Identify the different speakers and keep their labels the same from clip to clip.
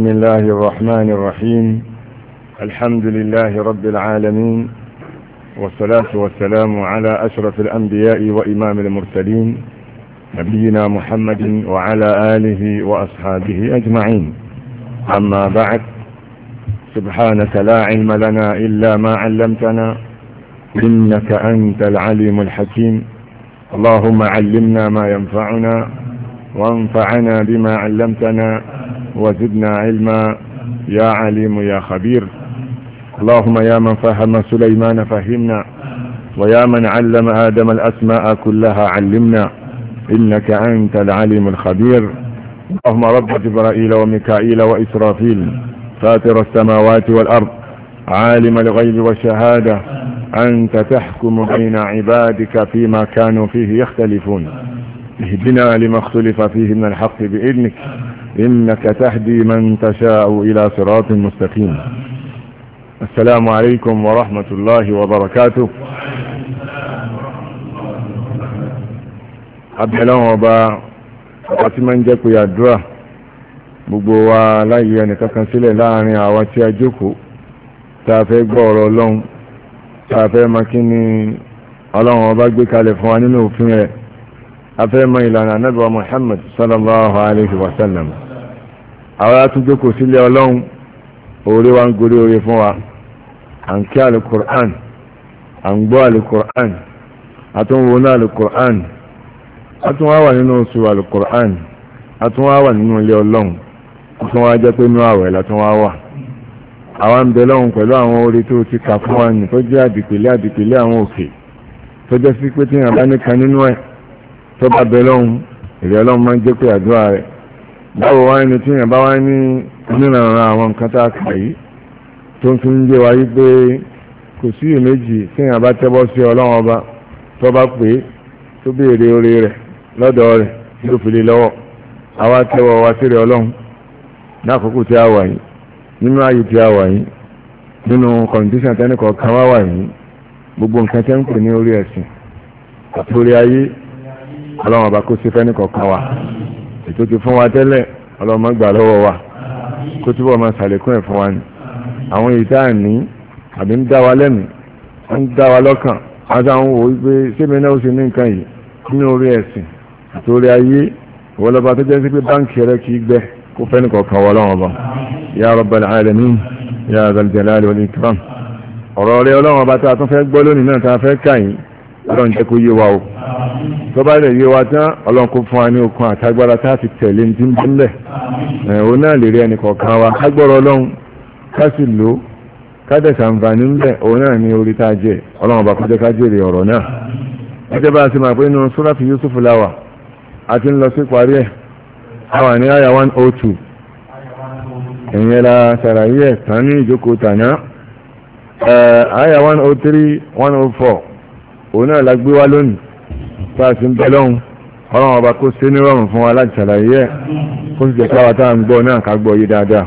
Speaker 1: بسم الله الرحمن الرحيم الحمد لله رب العالمين والصلاة والسلام على أشرف الأنبياء وإمام المرسلين نبينا محمد وعلى آله وأصحابه أجمعين أما بعد سبحانك لا علم لنا إلا ما علمتنا إنك أنت العليم الحكيم اللهم علمنا ما ينفعنا وانفعنا بما علمتنا وزدنا علما يا عليم يا خبير اللهم يا من فهم سليمان فهمنا ويا من علم آدم الأسماء كلها علمنا إنك أنت العليم الخبير اللهم رب جبرائيل وميكائيل وإسرافيل فاتر السماوات والأرض عالم الغيب والشهادة أنت تحكم بين عبادك فيما كانوا فيه يختلفون اهدنا لما اختلف فيه من الحق بإذنك إنك تهدي من تشاء إلى صراط مستقيم السلام عليكم ورحمة الله وبركاته abẹ́lẹ́wọ̀n ọba ọba tí máa ń jẹ́ pé àdúrà gbogbo wa láyé ẹnìkankan sílẹ̀ láàrin àwa tí a jókòó tá a fẹ́ gbọ́ ọ̀rọ̀ ọlọ́run tá a fẹ́ máa kí ni ọlọ́run ọba gbé kalẹ̀ fún wa nínú òfin rẹ̀ a fẹ́ máa ìlànà anábìwá Muhammad sallallahu alayhi wa sallam àwọn atúnjókò sílé ọlọ́run oore wa ń gorí oore fún wa à ń kí alukur'an à ń gbọ́ alukur'an àtúnwò náà alukur'an àtúnwà wà nínú oṣù alukur'an àtúnwà wà nínú ilé ọlọ́run fún wa jẹ́ pé inú àwẹ̀ látúnwà wà àwọn ń bẹ pẹ̀lú àwọn oore tó ti kà fún wa nì tó jẹ́ àdìpẹ̀lẹ́ àdìpẹ̀lẹ́ àwọn òkè tó jẹ́ sí pé tí ìrànlá nìkan nínú ẹ̀ tó bá bẹ lọ́hùn ìrẹ́ ọlọ́run máa ń jẹ́ pé àdúrà rẹ̀ báwo wá ní tí yẹn bá wá ní onírànràn àwọn nǹkan tá a kà yìí tó ń fi ń gbé wáyé pé kò sí ìméjì tí yẹn bá tẹ́bọ́ sí ọlọ́run ọba tó bá pè é tó béèrè oore rẹ̀ lọ́dọ̀ rẹ̀ yóò fi lé lọ́wọ́ àwa tẹ́wọ́ wa sí rẹ̀ ọlọ́run lákòókò tí a wà yìí nínú ààyè tí a wà yìí nínú kọ̀ǹdíṣàn tẹ́nìkọ̀ kan wá wà yìí gbogbo nǹkan tẹ́ ń pè ní orí ẹ̀sìn àti orí ayé ọlọ́run ọba kó sí fẹ́nìkọ̀ kan wà ètò ti fún wa tẹ́lẹ̀ ọlọ́mọ gbà lọ́wọ́ wa kó túbọ̀ máa ṣàlékún ẹ̀ fún wa ni àwọn èyí tá à ní àbí ń dá wa lẹ́nu ń dá wa lọ́kàn àtàwọn wò wípé sẹ́mi náà ó sì ní nǹkan yìí nínú orí ẹ̀sìn àti orí ayé ìwọlọ́ba tó jẹ́ sí pé báńkì rẹ kì í gbẹ kó fẹ́ nìkan kan wọ lọ́wọ́ bá ya rabbal alamin ya zal jalali wal ikram ọ̀rọ̀ tọ́ba ilẹ̀ yé wa tán ọlọ́nkún fún wa ní okun àtagbára tá a fi tẹ̀lé ní ti ń bẹ́ńbẹ́ òun náà lè rí ẹnì kọ̀ọ̀kan wa kágbọ́rọ̀ ọlọ́run ká sì lò ó kádẹ̀sà ń fani ń bẹ̀ náà ní orí tá a jẹ ọlọ́run ọba kọjá ká jèrè ọ̀rọ̀ náà ẹjẹ́ bá a ti máa pé nínú sùràtù Yusuf láwà a ti ń lọ sí parí ẹ̀ àwa ní àyà 102 ẹ̀yẹ́ la ṣàlàyé ẹ̀ tán ní ìjókòó tàná àyà 103 104 òun náà la gbé wá lónìí bá a sì ń bẹ lọ́hùn ọlọ́run ọba kó ṣe ní rọrùn fún wa láti ṣàlàyé ẹ̀ kó sì jẹ́ káwa tá à ń gbọ́ náà ká gbọ́ yé dáadáa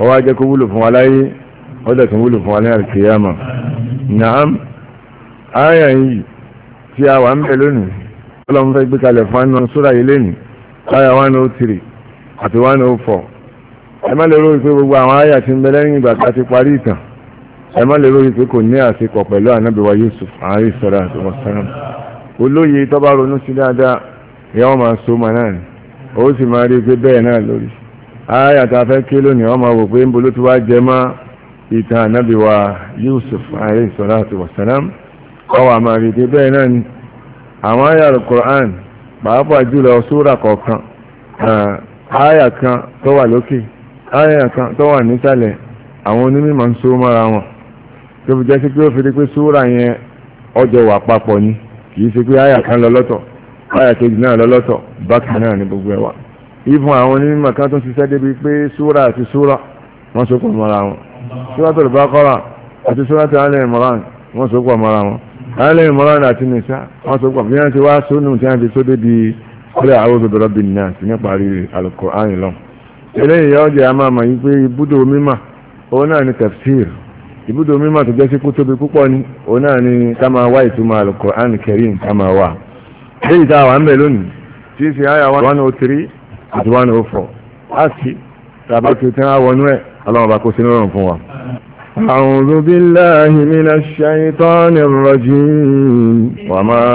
Speaker 1: ọwọ́ ajẹ́ kó wúlò fún wa láyé ọdẹ tó wúlò fún wa ní àlùkìyàmà nàám àyà yìí tí a wà ń bẹ lónìí ọlọ́run fẹ́ gbé kalẹ̀ fún anú sóra yìí lónìí àyà 103 àti 104 ẹ má lè ròyìn pé gbogbo àwọn àyà ti ń bẹ lẹ́yìn ìgbà tá a ti parí ìtàn ẹ má lè ròyìn pé kò ní àṣepọ̀ pẹ̀lú ànábìwá Yusuf àárín sọ́ra àti wọ́n sẹ́ràn olóye tó bá ronú sí dáadáa ìyá so sọmọ náà ni ó sì máa rí pé bẹ́ẹ̀ náà lórí ayé àtàfẹ́ ké lónìí ọmọ wò pé wá jẹ mọ́ ìtàn Yusuf alayhi salatu wassalam ọwọ́ àmà rí pé bẹ́ẹ̀ náà ni àwọn ayé alukur'an pàápàá jùlọ sóra kọ̀ọ̀kan eh, kan tó wà lókè kan tó wà nísàlẹ̀ àwọn onímọ̀ ń so mọ́ra wọn tó fi jẹ́ sí pé ó fi kìí ṣe pé àyà kan lọ lọ́tọ̀ àyà kejì náà lọ lọ́tọ̀ bákan náà ní gbogbo ẹ̀ wà ìfún àwọn onímọ̀ kan tó ṣiṣẹ́ débi pé súra àti súra wọ́n so pọ̀ mọ́ra wọn Suratul Baqara àti Suratul Al-Imran wọ́n so pọ̀ mọ́ra wọn Al-Imran àti Nisa wọ́n so pọ̀ bí wọ́n ti wá sónù tí wọ́n fi sódé di kúlẹ̀ a'udhu bi rabbin nas nípa rí Al-Qur'an lọ eléyìí yọ ibùdó mímọ̀ tó jẹ́ sí kú tóbi púpọ̀ ni òun náà ni ká máa wá ìtumọ̀ alukur'an kẹrin ká máa wà léyìí tá a wà ń bẹ̀ lónìí tí í ṣe àyà one oh three àti one oh four á sì tàbí tó tẹ́ wá wọnú ẹ̀ ọlọ́run kó sínú ọ̀run fún wa. أعوذ بالله من الشيطان الرجيم وما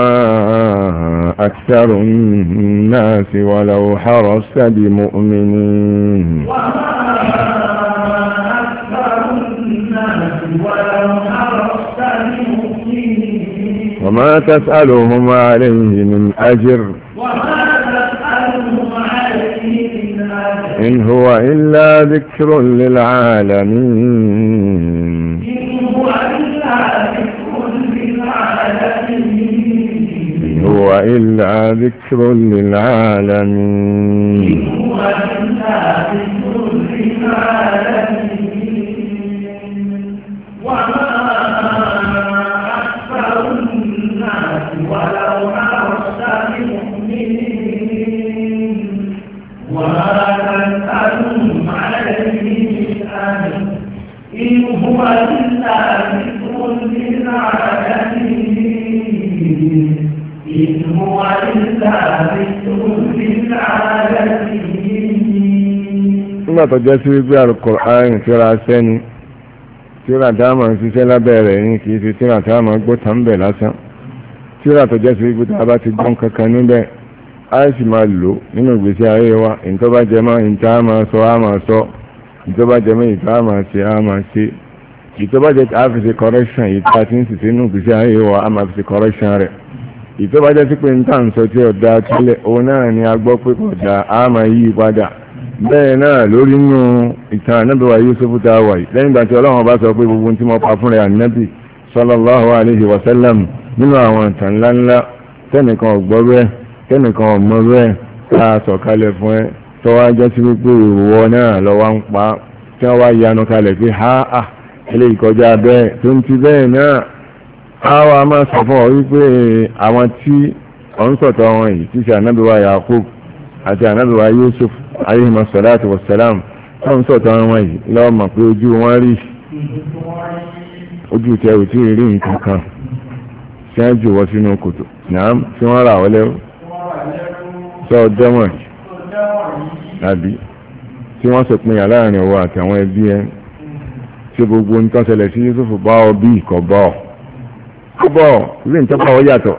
Speaker 1: أكثر الناس ولو حرصت بمؤمنين وما وما تسألهم عليه من أجر إن هو إلا ذكر للعالمين إن
Speaker 2: هو إلا ذكر للعالمين إن
Speaker 1: هو إلا ذكر للعالمين
Speaker 2: nígbà
Speaker 1: tó jẹ́ sí wípé Al-Qur'an tíra sẹ́ni tíra dáàmà ń ṣiṣẹ́ lábẹ́ rẹ̀ ní kìí ṣe tíra táàmà gbọ́ tán bẹ̀ lásán tíra tó jẹ́ sí wípé tá a bá ti gbọ́n kankan níbẹ̀ a sì máa lò nínú ìgbésí ayé wa ìtọ́ bá jẹ mọ́ ìta a máa sọ a máa sọ ìtọ́ bá mọ́ ìta a máa ṣe a máa ṣe ìtọ́ bá a fi ṣe correction ìta tí ń sì sínú ìgbésí ayé wa a máa fi ṣe correction rẹ̀ ìfẹ́ bá jẹ́ sí pé níta ń sọ tí ọ̀dà tẹ́lẹ̀ òun náà ni a gbọ́ pé ọ̀dà á máa yí padà bẹ́ẹ̀ náà lórí nínú ìtàn ànábì wa Yusuf tá a wà yìí lẹ́yìn ìgbà tí ọlọ́run bá sọ pé gbogbo tí mo pa fúnra ànábì sallallahu alaihi wa sallam nínú àwọn ìtàn ńláńlá tẹ́nìkan ọ̀gbọ́ bẹ́ẹ̀ tẹ́nìkan ọ̀mọ bẹ́ẹ̀ tá a sọ kalẹ̀ fún ẹ tó wá jẹ́ sí wípé ìwọ náà lọ wá ń pa tí wọ́n wá yanu kalẹ̀ pé ha ah eléyìí kọjá bẹ́ẹ̀ tó ń ti bẹ́ẹ̀ náà àwọn a máa sọ fún ọ wípé àwọn tí ọ ń sọ̀tọ̀ wọn yìí tí ṣe ànábìwá Yakub àti ànábìwá Yusuf alayhima salatu wa salam ọ ń sọ̀tọ̀ wọn yìí lọ́wọ́ mọ̀ pé ojú wọn rí ojú tí ẹrù tí ì rí nǹkan kan tí wọ́n jù wọ́n sínú kòtò náà tí wọ́n rà wọ́n lẹ́rú sọ dẹ́wọ̀n tàbí tí wọ́n sọ pé láàrin ọwọ́ àti àwọn ẹbí ẹ tí gbogbo ń sí Yusuf bá ọ bí ìkọ̀ bá ọ ọbọ̀ ilé ìtọ́pọ̀ ọ̀ yàtọ̀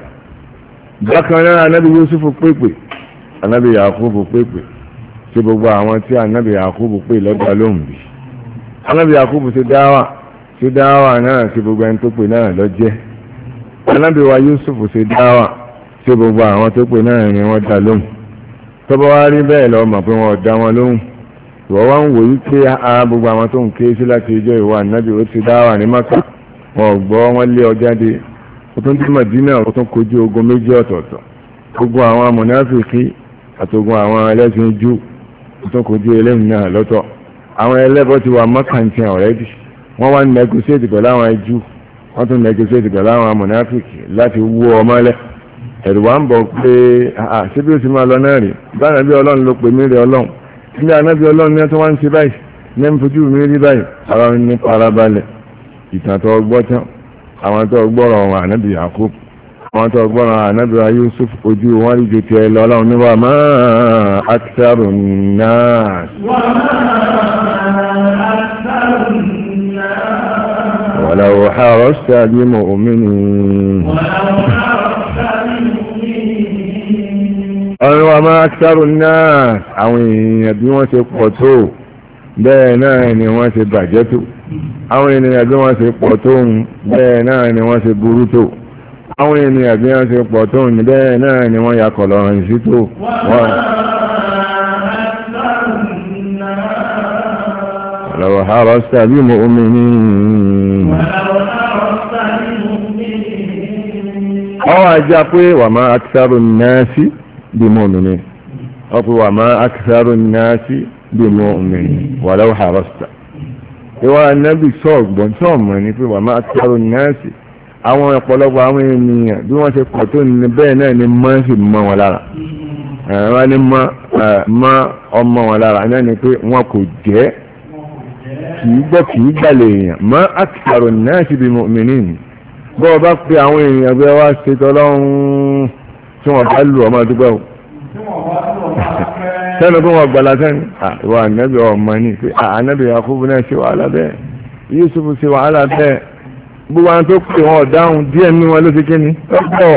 Speaker 1: bákan náà anábì Yusufu pépè anábì Yakubu pépè ṣe gbogbo àwọn tí anábì Yakubu pè lọ́dọ̀ lóhùn bí anábì Yakubu ṣe dáwà ṣe dáwà náà ṣe gbogbo ẹni tó pè náà lọ́jẹ́ anábì wa Yusufu ṣe dáwà ṣe gbogbo àwọn tó pè náà ni wọ́n dá lóhùn tọ́bọ̀ wá rí bẹ́ẹ̀ lọ mọ̀ pé wọ́n dá wọn lóhùn wọ́n wá ń wòye pé gbogbo àwọn tó ń ké sí láti ijọ́ ìwà anábì ó ti dáwà ní mọ́tò wọn gbọ́ wọn lé ọ jáde ó tún tí Madina ó tún kojú ogun méjì ọ̀tọ̀ọ̀tọ̀ ogun àwọn amọ̀náfíkì àtogun àwọn ẹlẹ́sìn jù ó tún kojú ẹlẹ́sìn náà lọ́tọ̀ àwọn ẹlẹ́bọ̀ ti wà mọ́kàntì ọ̀rẹ́dì wọ́n wá nẹgọsíètì pẹ̀lú àwọn jù wọ́n tún nẹgọsíètì pẹ̀lú àwọn amọ̀náfíkì láti wú ọmọlẹ́ ẹ̀rù wa ń bọ̀ pé ṣé bí ó ti máa lọ náà rí báyìí bí ọlọ́run ló pè mí rí ọlọ́run ilé anábì ọlọ́run ní ẹ tó wá ń ṣe báyìí ní ẹ ń fojú mi rí báyìí ara ní parabalẹ̀ ìtàn tó gbọ́ tán àwọn tó gbọ́rọ̀ wọn ànábì Yakub àwọn tó gbọ́rọ̀ ànábì Yusuf ojú wọn rí ju tiẹ̀ lọ ọlọ́run ní máa akitaru náà. ولو حرصت بمؤمنين ọ̀rọ̀ wa máa kẹrù náà àwọn èèyàn bí wọ́n ṣe pọ̀ tó bẹ́ẹ̀ náà ni wọ́n ṣe bàjẹ́ tó àwọn ènìyàn bí wọ́n ṣe pọ̀ tó ń bẹ́ẹ̀ náà ni wọ́n ṣe burú tó àwọn ènìyàn bí wọ́n ṣe pọ̀ tó ń bẹ́ẹ̀ náà ni wọ́n yakọ̀ lọ́rùn sí tó wọ́n. ọwọ́ ajá pé wà máa akṣàrò náàsì bí mọ́mìnì ọkùnrin wà máa bí wà lọ́wọ́ ìwà anábì sọ̀gbọ̀n tí ọ̀mọ ni pé wà máa tọrọ nẹ́ẹ̀sì àwọn ọ̀pọ̀lọpọ̀ àwọn ènìyàn bí wọ́n ṣe pọ̀ tó ní bẹ́ẹ̀ náà ni mọ́ sì mọ́ wọn lára wọ́n ní mọ́ ọmọ wọn lára náà ni pé wọn kò jẹ́ kì í gbọ́ kì í gbàlè èèyàn mọ́ àtàrò nẹ́ẹ̀sì bí mọ̀mìnín bọ́ ọ bá pe àwọn èèyàn bí wọ́n ṣe tọ́lọ́run tí wọ́n bá lù ọmọ àdúgbò sẹ́nu kó wọ́n gbọ́lá sẹ́nu ìwọ ànábì ọmọ ní pé ànábì Yakubu náà ṣe wàhálà bẹ́ẹ̀ Yusufu ṣe wàhálà bẹ́ẹ̀ gbogbo àwọn tó pè wọn ọ̀dáhùn díẹ̀ nínú wọn ló ti kí ni lọ́pọ̀.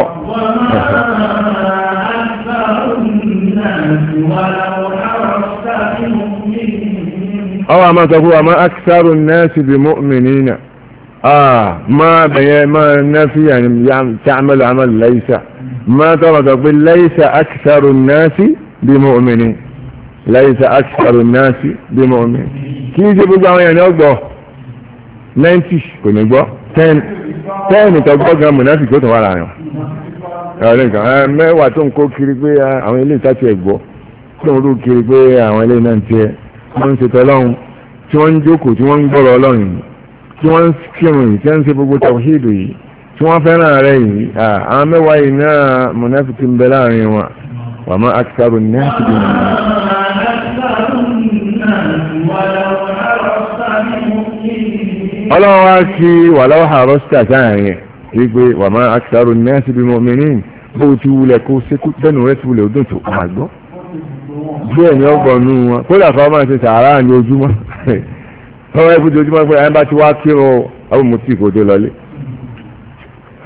Speaker 1: ọwọ́ àmọ́ sọ pé àmọ́ akitaro nẹ́ẹ̀sì bí mu'minina máa bẹ̀yẹ máa nẹ́fìyà tí àmàlà àmàlà lẹ́yìísà máa tọrọ sọ pé lẹ́yìísà akitaro nẹ́ẹ̀sì bí mu'minina. ليس أكثر الناس بمؤمن كيف يبقى يعني أقبع 90 كنا نقبع 10 10 تقبع كان منافق يوتن ولا عنه ẹ̀rọ nǹkan ẹ mẹ́wàá tó ń kó kiri pé àwọn ilé ìtàtì ẹ̀gbọ́ tó ń rú kiri pé àwọn ilé náà tiẹ̀ wọ́n ń ṣètò ọlọ́run tí wọ́n ń jókòó tí wọ́n ń gbọ́rọ̀ ọlọ́run yìí tí wọ́n ń kírun yìí tí wọ́n ń ṣe gbogbo tàwíìdù yìí tí wọ́n fẹ́ràn rẹ̀ yìí àwọn mẹ́wàá yìí náà mọ̀nàfíkì ń bẹ láàrin wọn wàmọ́ akitaru ní àtìgbìn ọlọ́run wá sí wàláwà àrọ́sítà sáàrin ẹ̀ wípé wà máa akitaru nẹ́ẹ̀sì bí mọ́mìnín bó ti wulẹ̀ kó sékú bẹ́nu rẹ̀ ti wulẹ̀ ọdún tó wà gbọ́. bẹ́ẹ̀ ni ọgbọ̀n nù wọn kódà fáwọn máa ṣe sàárà ní ojúmọ́ ọwọ́ ẹ̀fọ́ ti ojúmọ́ pé ẹ̀ bá ti wá kí ọ àwọn mutí kò tó lọlé.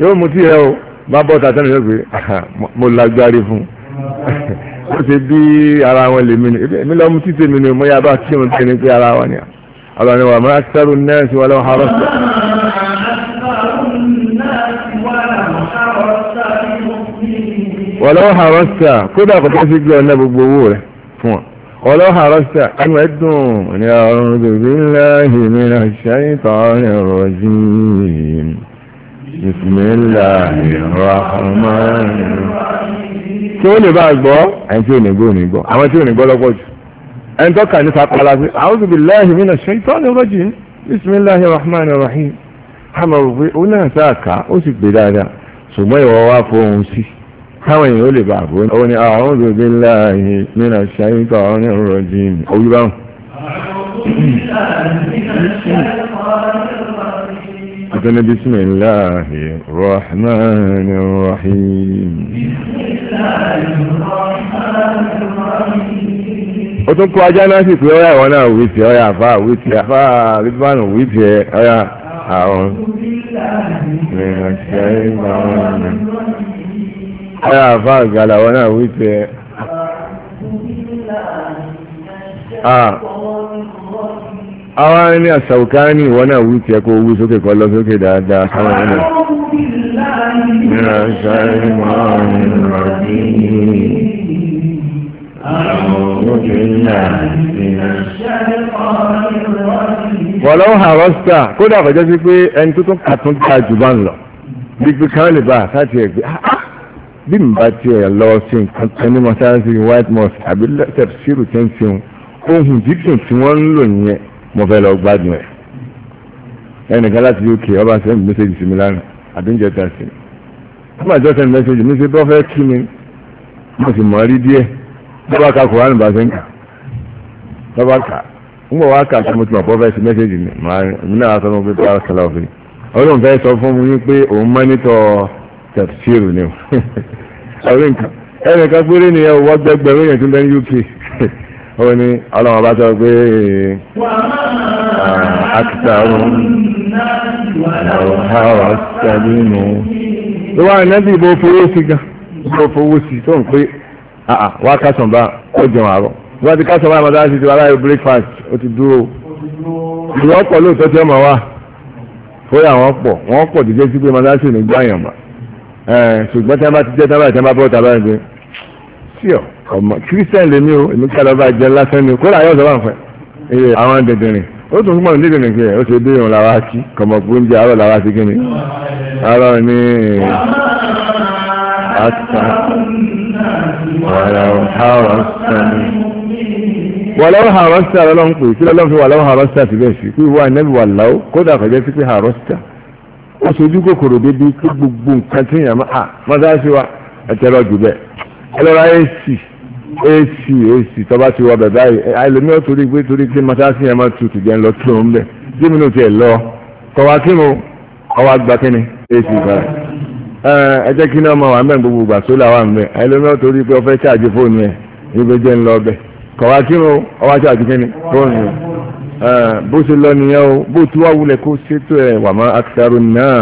Speaker 1: yóò mutí ẹ o bá bọ́ tàtẹ́nu yóò pé mo lágbárí fún ó ṣe bí ara wọn lèmi ni èmi lọ́ọ́ mutí tèmi ni mo yá bá kí ọ ọlọ́ni wà máa sẹ́rù nẹ́ẹ̀sì wà lọ́wọ́ harọ́sà
Speaker 2: wọ́lọ́wọ́ harọ́sà kódà kò tó
Speaker 1: sí gbé ọ̀nà gbogbo owó rẹ̀ fún ọ wọ́lọ́wọ́ harọ́sà ẹnu ẹ̀dùn ní ọ̀run bèbí ńlá ìmìnà ṣẹ́yìntàn ọ̀rọ̀ jí bismillahirrahmanirrahim
Speaker 3: tí ó lè bá gbọ́
Speaker 1: àyíkí ò ní gbọ́ ò ní gbọ́ àwọn tí ò ní gbọ́ lọ́pọ̀ jù ẹni tó kà ní sàkàlà sí a'udhu billahi minash shaitanir rajim bismillahir rahmanir rahim hàmọ̀rù pé ó náà sáàkà ó sì gbé dáadáa ṣùgbọ́n ìwọ wá fóun sí káwọn èèyàn ó lè bá àbò ó ní a'udhu billahi minash shaitanir rajim orí báwọn. أذن بسم الله الرحمن الرحيم بسم
Speaker 3: الله الرحمن الرحيم
Speaker 1: ó tún kó ajá náà sì pé ọ̀yà ìwọ náà wí tiẹ̀ ọ̀yà àfa wí tiẹ̀ àfa rìbánù wí tiẹ̀ ọ̀yà àwọn. ọ̀yà àfa àgàlà ìwọ náà wí tiẹ̀. àwọn ẹni àṣàwùkání ìwọ náà wí tiẹ̀ kó wú sókè kọ́ lọ sókè dáadáa sáwọn ẹni.
Speaker 2: من الشيطان الرجيم منا wọ̀lọ́wọ́ àrọ́sítà
Speaker 1: kódà àbájá sí pé ẹni tó tún kàtún ta jù bá ń lọ gbígbé kan lè bá àtàtì ẹ̀gbẹ́ ah, ah. bí n bá tiẹ̀ lọ sí nǹkan tó ní mọ́sáàsì white mosque àbí tẹ̀síìrù tó ń seun ohun dídùn tí wọ́n ń lò yẹn mo fẹ́ lọ gbádùn ẹ̀ ẹnìkan láti UK ọba sẹ́yìn mẹ́sẹ̀gì sí mi lánàá àdúnjẹ ta sí mi ọba jọ́sẹ̀ mẹ́sẹ̀gì mi ṣe bọ́ kí mi mo sì mọ̀ rí díẹ̀ bọ́bá ka kùránì bá ṣe ń kà bọ́bá kà ń bọ̀ wá kà sí mo ti mọ̀ pọ́fẹ́sì mẹ́sẹ̀jì mi máa mi náà sọ fún pípa sọlá òfin ọlọ́run fẹ́ sọ fún mi pé òun mọ́nítọ̀ tẹ̀síìrù ni o ọ̀rẹ́ nǹkan ẹnì kan péré ni ẹ wọ́n gbẹgbẹ̀rún yẹn tún bẹ́ ní UK ó ní ọlọ́run bá sọ pé akita ọ̀run ọ̀hárọ̀ ṣàbínú ló wà nẹ́bí ìbò fowó sí gan ìbò fowó sí tó ń pé Ah àà ah, wá kásán bá ó jẹun àárọ̀ wọ́n ti kásán bá àmàdá sí ti wà láyé breakfast ó ti dúró ìlú ọ̀pọ̀ lóòótọ́ tí ọmọ wa fóyà wọn pọ̀ wọn pọ̀ tó jẹ́ sí pé àmàdá sí ní gbáyàn bá ṣùgbọ́n tí wọ́n bá ti jẹ́ tábà tí wọ́n bá bọ́ tábà gbé sí ọ ọmọ kírísítẹ́n lèmi o èmi kàdà bá jẹ lásán ni kódà yóò sọ́wọ́n fẹ́ ẹ àwọn dẹ̀dẹ̀rìn ó tún fún mọ̀ nídìí nìkan ẹ̀ ó ṣe bí òun làwa kí kọ̀mọ̀kú ń jẹ àárọ̀ làwa sí kí ni àárọ̀ ni
Speaker 2: àtàkùn wàlọ́wọ́ harọ́sà wàlọ́wọ́
Speaker 1: harọ́sà lọ́lọ́run pè sí lọ́lọ́run fi wàlọ́wọ́ harọ́sà ti bẹ́ẹ̀ sí pé wà nẹ́bí wà láwọ́ kódà kọjá sí pé harọ́sà ó sojú kòkòrò débi pé gbogbo nǹkan tí yàn máa mọ́tàṣí wa ẹ̀tẹ́ lọ jù bẹ́ẹ̀ ẹ ac ac ac tọ́ba ti wọ bẹ̀bẹ̀ báyìí àìlèmíọ́ torí pé torí pé mọ́tàṣí yẹn máa tutù jẹ́ ńlọ tó ń bẹ̀ jẹ́mi náà ti ẹ̀ lọ kọ̀wá kí mo ọwọ́ àgbà kí ni ac báyìí. ẹ jẹ́ kí náà máa wà mẹ́ gbogbo ìgbà sólà wà mẹ́ ẹlẹ́mìíràn torí pé ó ṣáàjì fóònù ẹ̀ ibi jẹ́ ńlọ ọbẹ̀ kọ̀wá kírun ọwá ṣáàjì kí ni fóònù ẹ̀ bó ṣe lọ nìyẹn o bó tí wàá kó ṣètò ẹ̀ wà má akitaru náà.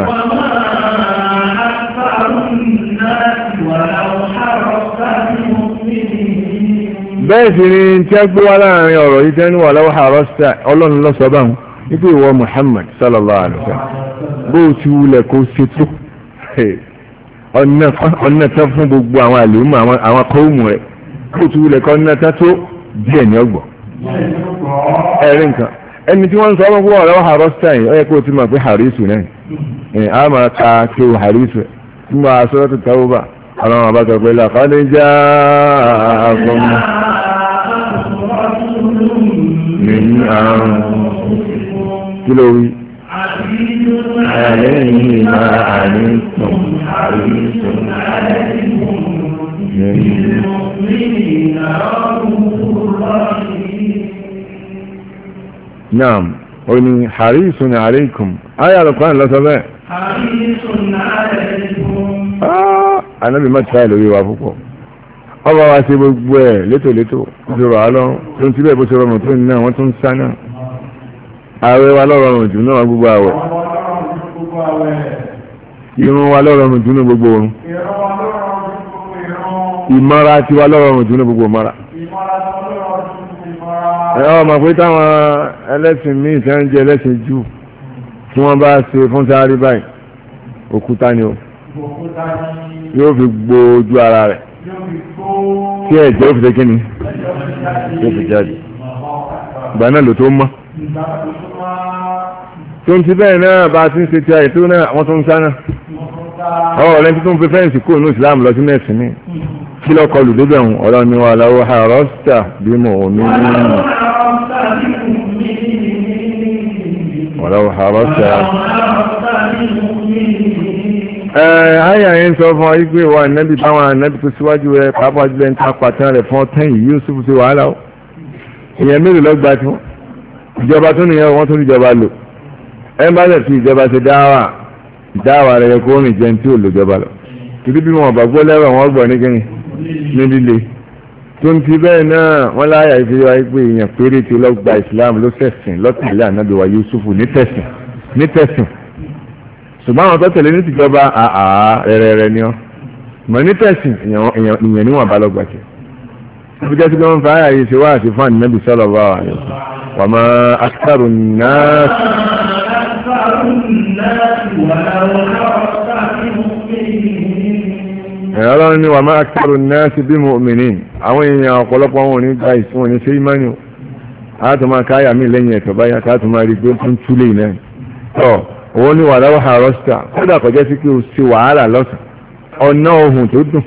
Speaker 1: bẹ́ẹ̀ sì ni tí a gbé wá láàrin ọ̀rọ̀ yìí tẹ́nu wà bó ti wulẹ̀ kó ọ̀nà tán fún gbogbo àwọn àlùmọ̀ àwọn kọ́ọ̀mù rẹ̀ kó tu wulẹ̀ kọ́ ọ̀nà tán tó díẹ̀ ní ọgbọ̀n. ẹ̀rí nǹkan ẹni tí wọ́n ń sọ ọmọ fún ọ̀rọ̀ harrowstein ó yẹ kó o ti mọ̀ pé harisu náà a máa ka tó harisu tí mo aṣọ tó tẹ́wọ́ bá àwọn
Speaker 2: عليه ما علمتم حريص عليكم بالمؤمنين رؤوف رحيم
Speaker 1: نعم قل حريص عليكم آية القرآن لا سبع
Speaker 2: حريص عليكم آه
Speaker 1: أنا بما تفعلوا يوافقكم ọba wa ṣe بقوة لتو لتو ìṣòro àlọ́ tó ń síbẹ̀ bó ṣe rọrùn ààwẹ̀ wa lọ́rọ̀rùn jù náà gbogbo ààwẹ̀ irun wa lọ́rọ̀rùn jù náà gbogbo orun ìmọ́ra ti wa lọ́rọ̀rùn jù náà gbogbo ìmọ́ra ẹ̀họ́ ma pé táwọn ẹlẹ́sìn míì tẹ́ ń jẹ ẹlẹ́sìn jù tí wọ́n bá ṣe fún sáré báyìí òkúta ni o yóò fi gbo ojú ara rẹ̀
Speaker 2: tí ẹ̀jẹ̀ ó fi ṣe
Speaker 1: kí ni yóò fi jáde ìgbà náà ló tó mọ́ tó ń ti bẹ́ẹ̀ náà bá a ti ń ṣe ti àìtó náà wọ́n tún ń sáná ọ̀rọ̀ lẹ́yìn tó ń fi fẹ́ǹsì kúrò ní ìsìlámù lọ sí mẹ́sìn ní kí lọ́ kọlù débẹ̀ ń ọ̀rọ̀ ni wà láwọ́ àrọ́sítà bí mo mi nínú ọ̀rọ̀ àrọ́sítà àyà yẹn sọ fún ọ wa nẹ́bí báwọn anẹ́bí tó síwájú rẹ pàápàá jùlọ ń ta pàtàn rẹ̀ fún ọtán yìí Yusuf ti wàhálà ó ìyẹn mélòó lọ́gbà tí wọ́n ìjọba tó nìyẹn wọ́n tó níjọba lò ẹ bá lè fi ìjọba ṣe dáwà dáwà rẹ̀ kó rìn jẹun tí ò lòjọba lọ torí bí wọn bá gbọ́ lẹ́rọ̀ wọn gbọ́ ní kíni ní líle tó ń ti bẹ́ẹ̀ náà wọ́n láyà ìfi wa pé èèyàn péré ti lọ Islam ló tẹ̀sìn lọ́tẹ̀lé ànábì wa Yusufu ní tẹ̀sìn ní tẹ̀sìn ṣùgbọ́n àwọn tọ́tẹ̀lé ní tìjọba àà rẹ̀rẹ̀rẹ̀ ni ọ́ mọ̀ ní tẹ̀sìn èèyàn níwọ̀n bá lọ́gbà jẹ́ ibi jẹ́ sí pé wọ́n fa ṣe wá àti fún ànínábì sọ́lọ́ wa wà máa akẹ́rù náà. ọlọ́run ni wà máa kẹrù náà sí bí mu'minin àwọn èèyàn ọ̀pọ̀lọpọ̀ wọn ní gba ìsìn wọn ní sí imani o àtùmá káyà mí lẹ́yìn ẹ̀tọ́ báyà káàtùmá rí pé tún túlé náà tọ́ òun ni wàhálà wà rọ́ṣítà kódà kọjá sí pé o ṣe wàhálà lọ́sàn ọ̀nà ohun tó dùn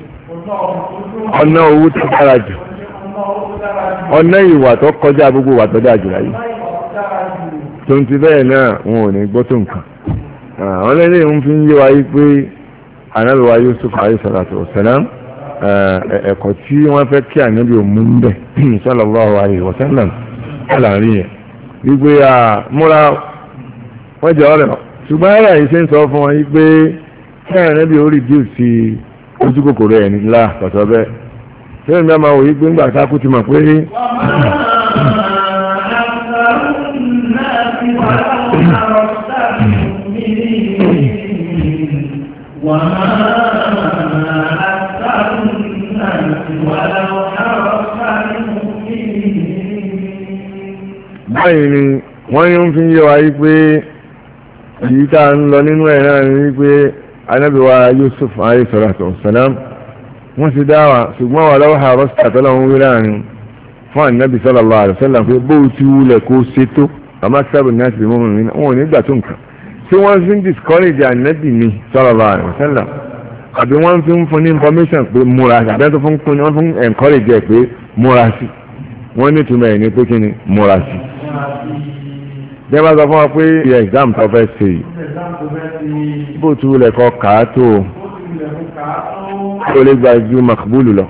Speaker 1: ọ̀nà owó tó dára jù ọ̀nà ìwà tó kọjá gbogbo wà tó dára jù láyé tó bẹ́ẹ̀ náà wọn ò ní gbọ́ tó nǹkan àwọn ànábì wa Yusuf alayhi salatu wa salam eh, eh, ẹ̀kọ́ tí wọ́n fẹ́ kí ànábì òmú ń bẹ̀ sallallahu alayhi wa sallam láàrin yẹn wípé múra wọ́n jẹ́ ọ̀rẹ́ ṣùgbọ́n ẹ̀rọ yìí ṣe ń sọ fún wọn wípé kí ànábì ó rìdíù sí ojú kòkòrò ẹ̀ ńlá pàtó bẹ́ẹ̀ ṣé ìgbà máa wò wípé ńgbà tá a kú ti mọ̀ pé.
Speaker 2: وما أكثر الناس ولو حرصت báyìí
Speaker 1: ni wọ́n yóò fi yé wa wípé èyí tá a ń lọ nínú ẹ̀ náà ni wípé anábìwá Yusuf alayhi salatu wassalam wọ́n ti dá wa ṣùgbọ́n wà lọ́wọ́ àrọ́sítà tó lọ́wọ́ wí láàrin fún ànábì sallallahu alaihi wasallam pé bóòtú wulẹ̀ kó ṣètò àmọ́ sábà ní àti ìmọ̀ mi wọn ò ní gbà tó nǹkan tí wọ́n fi ń discourage ànábì mi sallallahu alaihi wasallam àbí wọ́n fi ń fún ní information pé múra sí àbẹ́tọ́ fún pé wọ́n fún encourage ẹ̀ pé múra sí wọ́n ní ìtumọ̀ ẹ̀ ní pé kí ni múra sí. bí wọ́n sọ fún wa pé ìyá exam tó fẹ́ ṣe
Speaker 2: yìí
Speaker 1: bó tu ilẹ̀ kàá tó o lè gba ju makbulu lọ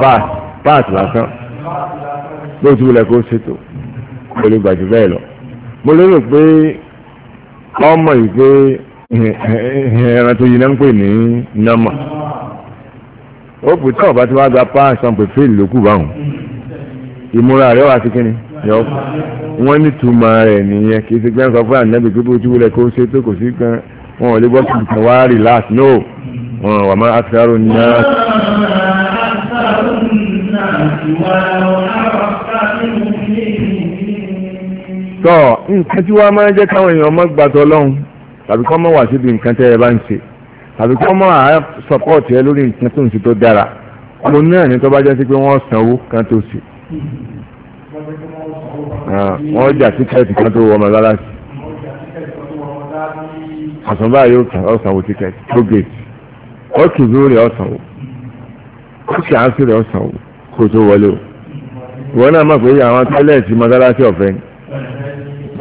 Speaker 1: pass pass lásán bó tu ilẹ̀ kó ṣètò o lè gba ju bẹ́ẹ̀ lọ mo lérò pé ọmọ ìpé ẹran tó yìí náà ń pè ní nọ́mà ó pè tí ọba tí wàá gba páàsán pé fíìlì ló kù báwọn ìmúra rẹ̀ wà sí kínní yọ wọ́n ní túmọ̀ rẹ̀ nìyẹn kì í ṣe gbẹ́nsọ̀ fún ànábì pé bó ti wúlẹ̀ kó ṣe tó kò sí gan wọn ò lè gbọ́ kí nǹkan wá rìláàsì náà wọn wà má àtàrò ní náà.
Speaker 2: tọ́ nǹkan
Speaker 1: tí wàá máa jẹ́ káwọn èèyàn mọ́ gbàtọ́ lọ́hùn tàbí kọ́ mọ́ wà síbi nǹkan tẹ́ ẹ bá ń ṣe tàbí kọ́ mọ́ àá sọ́pọ́ọ̀tì ẹ lórí nǹkan tó ń ṣe tó dára mo náà ní tó bá jẹ́ sí pé wọ́n sanwó kan tó ṣe wọ́n jà tíkẹ́ẹ̀tì kan tó wọ́n mọ́lá láti àsán báyìí ọ̀sánwó tíkẹ́ẹ̀tì tó gèètì ọ̀kì lórí ọ̀sánwó ọ̀kì àásìrè ọ̀sánwó kó tó wọlé o ìwọ náà mọ̀ pé àwọn tọ́lẹ̀tì mọ́lá láti ọ̀fẹ́ ni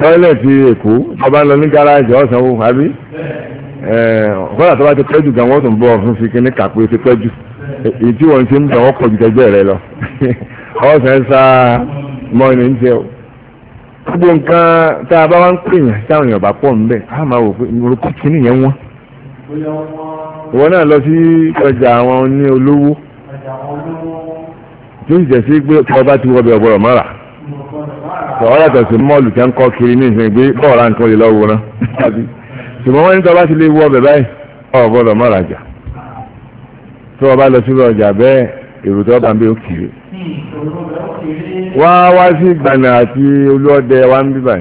Speaker 1: tọ́ílẹ̀tì èkó ọba ń lọ ní gáràjì ọ̀sánwó àbí kọ́lá tó bá ti pẹ́jù gan wọ́n tún bọ́ ọ̀fun fi kíní kà pé ti pẹ́jù èyí tí ti ń bẹ̀ wọ́n pọ̀ ju kẹgbẹ́ rẹ lọ ọ̀sán sá mọ́ni ń jẹ́ o gbogbo nǹkan tá a bá wá ń pè yàn táwọn èèyàn bá pọ̀ ń bẹ̀ á máa wò pé orúkọ kíní yẹn wọ́n
Speaker 2: ìwọ náà lọ sí ọjà
Speaker 1: àwọn oní olówó tí ó jẹ́ sí pé ọba ti wọ ọ yàtọ̀ sí mọ́ọ̀lù tí wọ́n kọ́ kiri ní ìsìn gbé bọ́ọ̀lù àǹtí wọ́n lè lọ wòran ṣùgbọ́n wọ́n ní tọ́ bá ti lè wọ ọbẹ̀ báyìí ọ̀ gbọ́dọ̀ mọ́ rajà tó o bá lọ síbi ọjà bẹ́ẹ̀ èrò tó bá ń bẹ òkèèrè wá wá sí gbànà àti olóòdẹ wa ń bíbà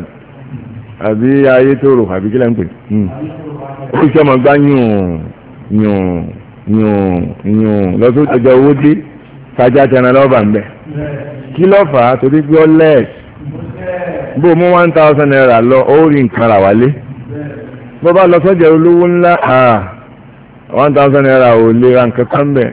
Speaker 1: àbí ayé tó rò àbí kílẹ̀ ń pè hmm. ó sì ọmọ gbá yùn yùn yùn yùn lọ́sọ̀tọ̀jọ owó dé sájà tẹran lọ́ba ń bó mú one thousand naira lọ ó rí nǹkan rà wálé bó bá lọ sọ́jà olówó ńlá one thousand naira ò lè ra nǹkan kan bẹ́ẹ̀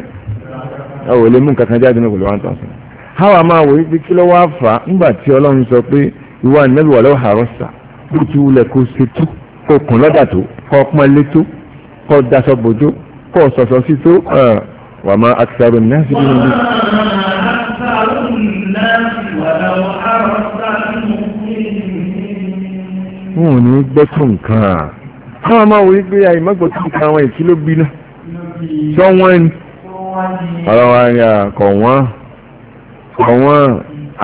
Speaker 1: ò lè mú nǹkan kan jáde nípò one thousand. háwa máa wòye pé kí ló wá fà á ńgbà tí ọlọ́run sọ pé ìwà ìnẹ́bí wà lọ́wọ́ àárọ̀ sà bó ti wulẹ̀ kó ṣe tú kó kùn lọ́dà tó kó pọ́n lé tó kó daṣọ bòjó kó sọ̀sọ̀ sí tó wà máa akitaro nẹ́ẹ̀sì bí wọ́n wọn ò ní gbẹ́tù nǹkan à káwọn máa wọ wípé àìmọ́gbọ̀tù nǹkan àwọn èkí ló bí náà sọ wọ́n ni ọ̀rọ̀ wa ni àkọ̀ wọ́n kọ̀ wọ́n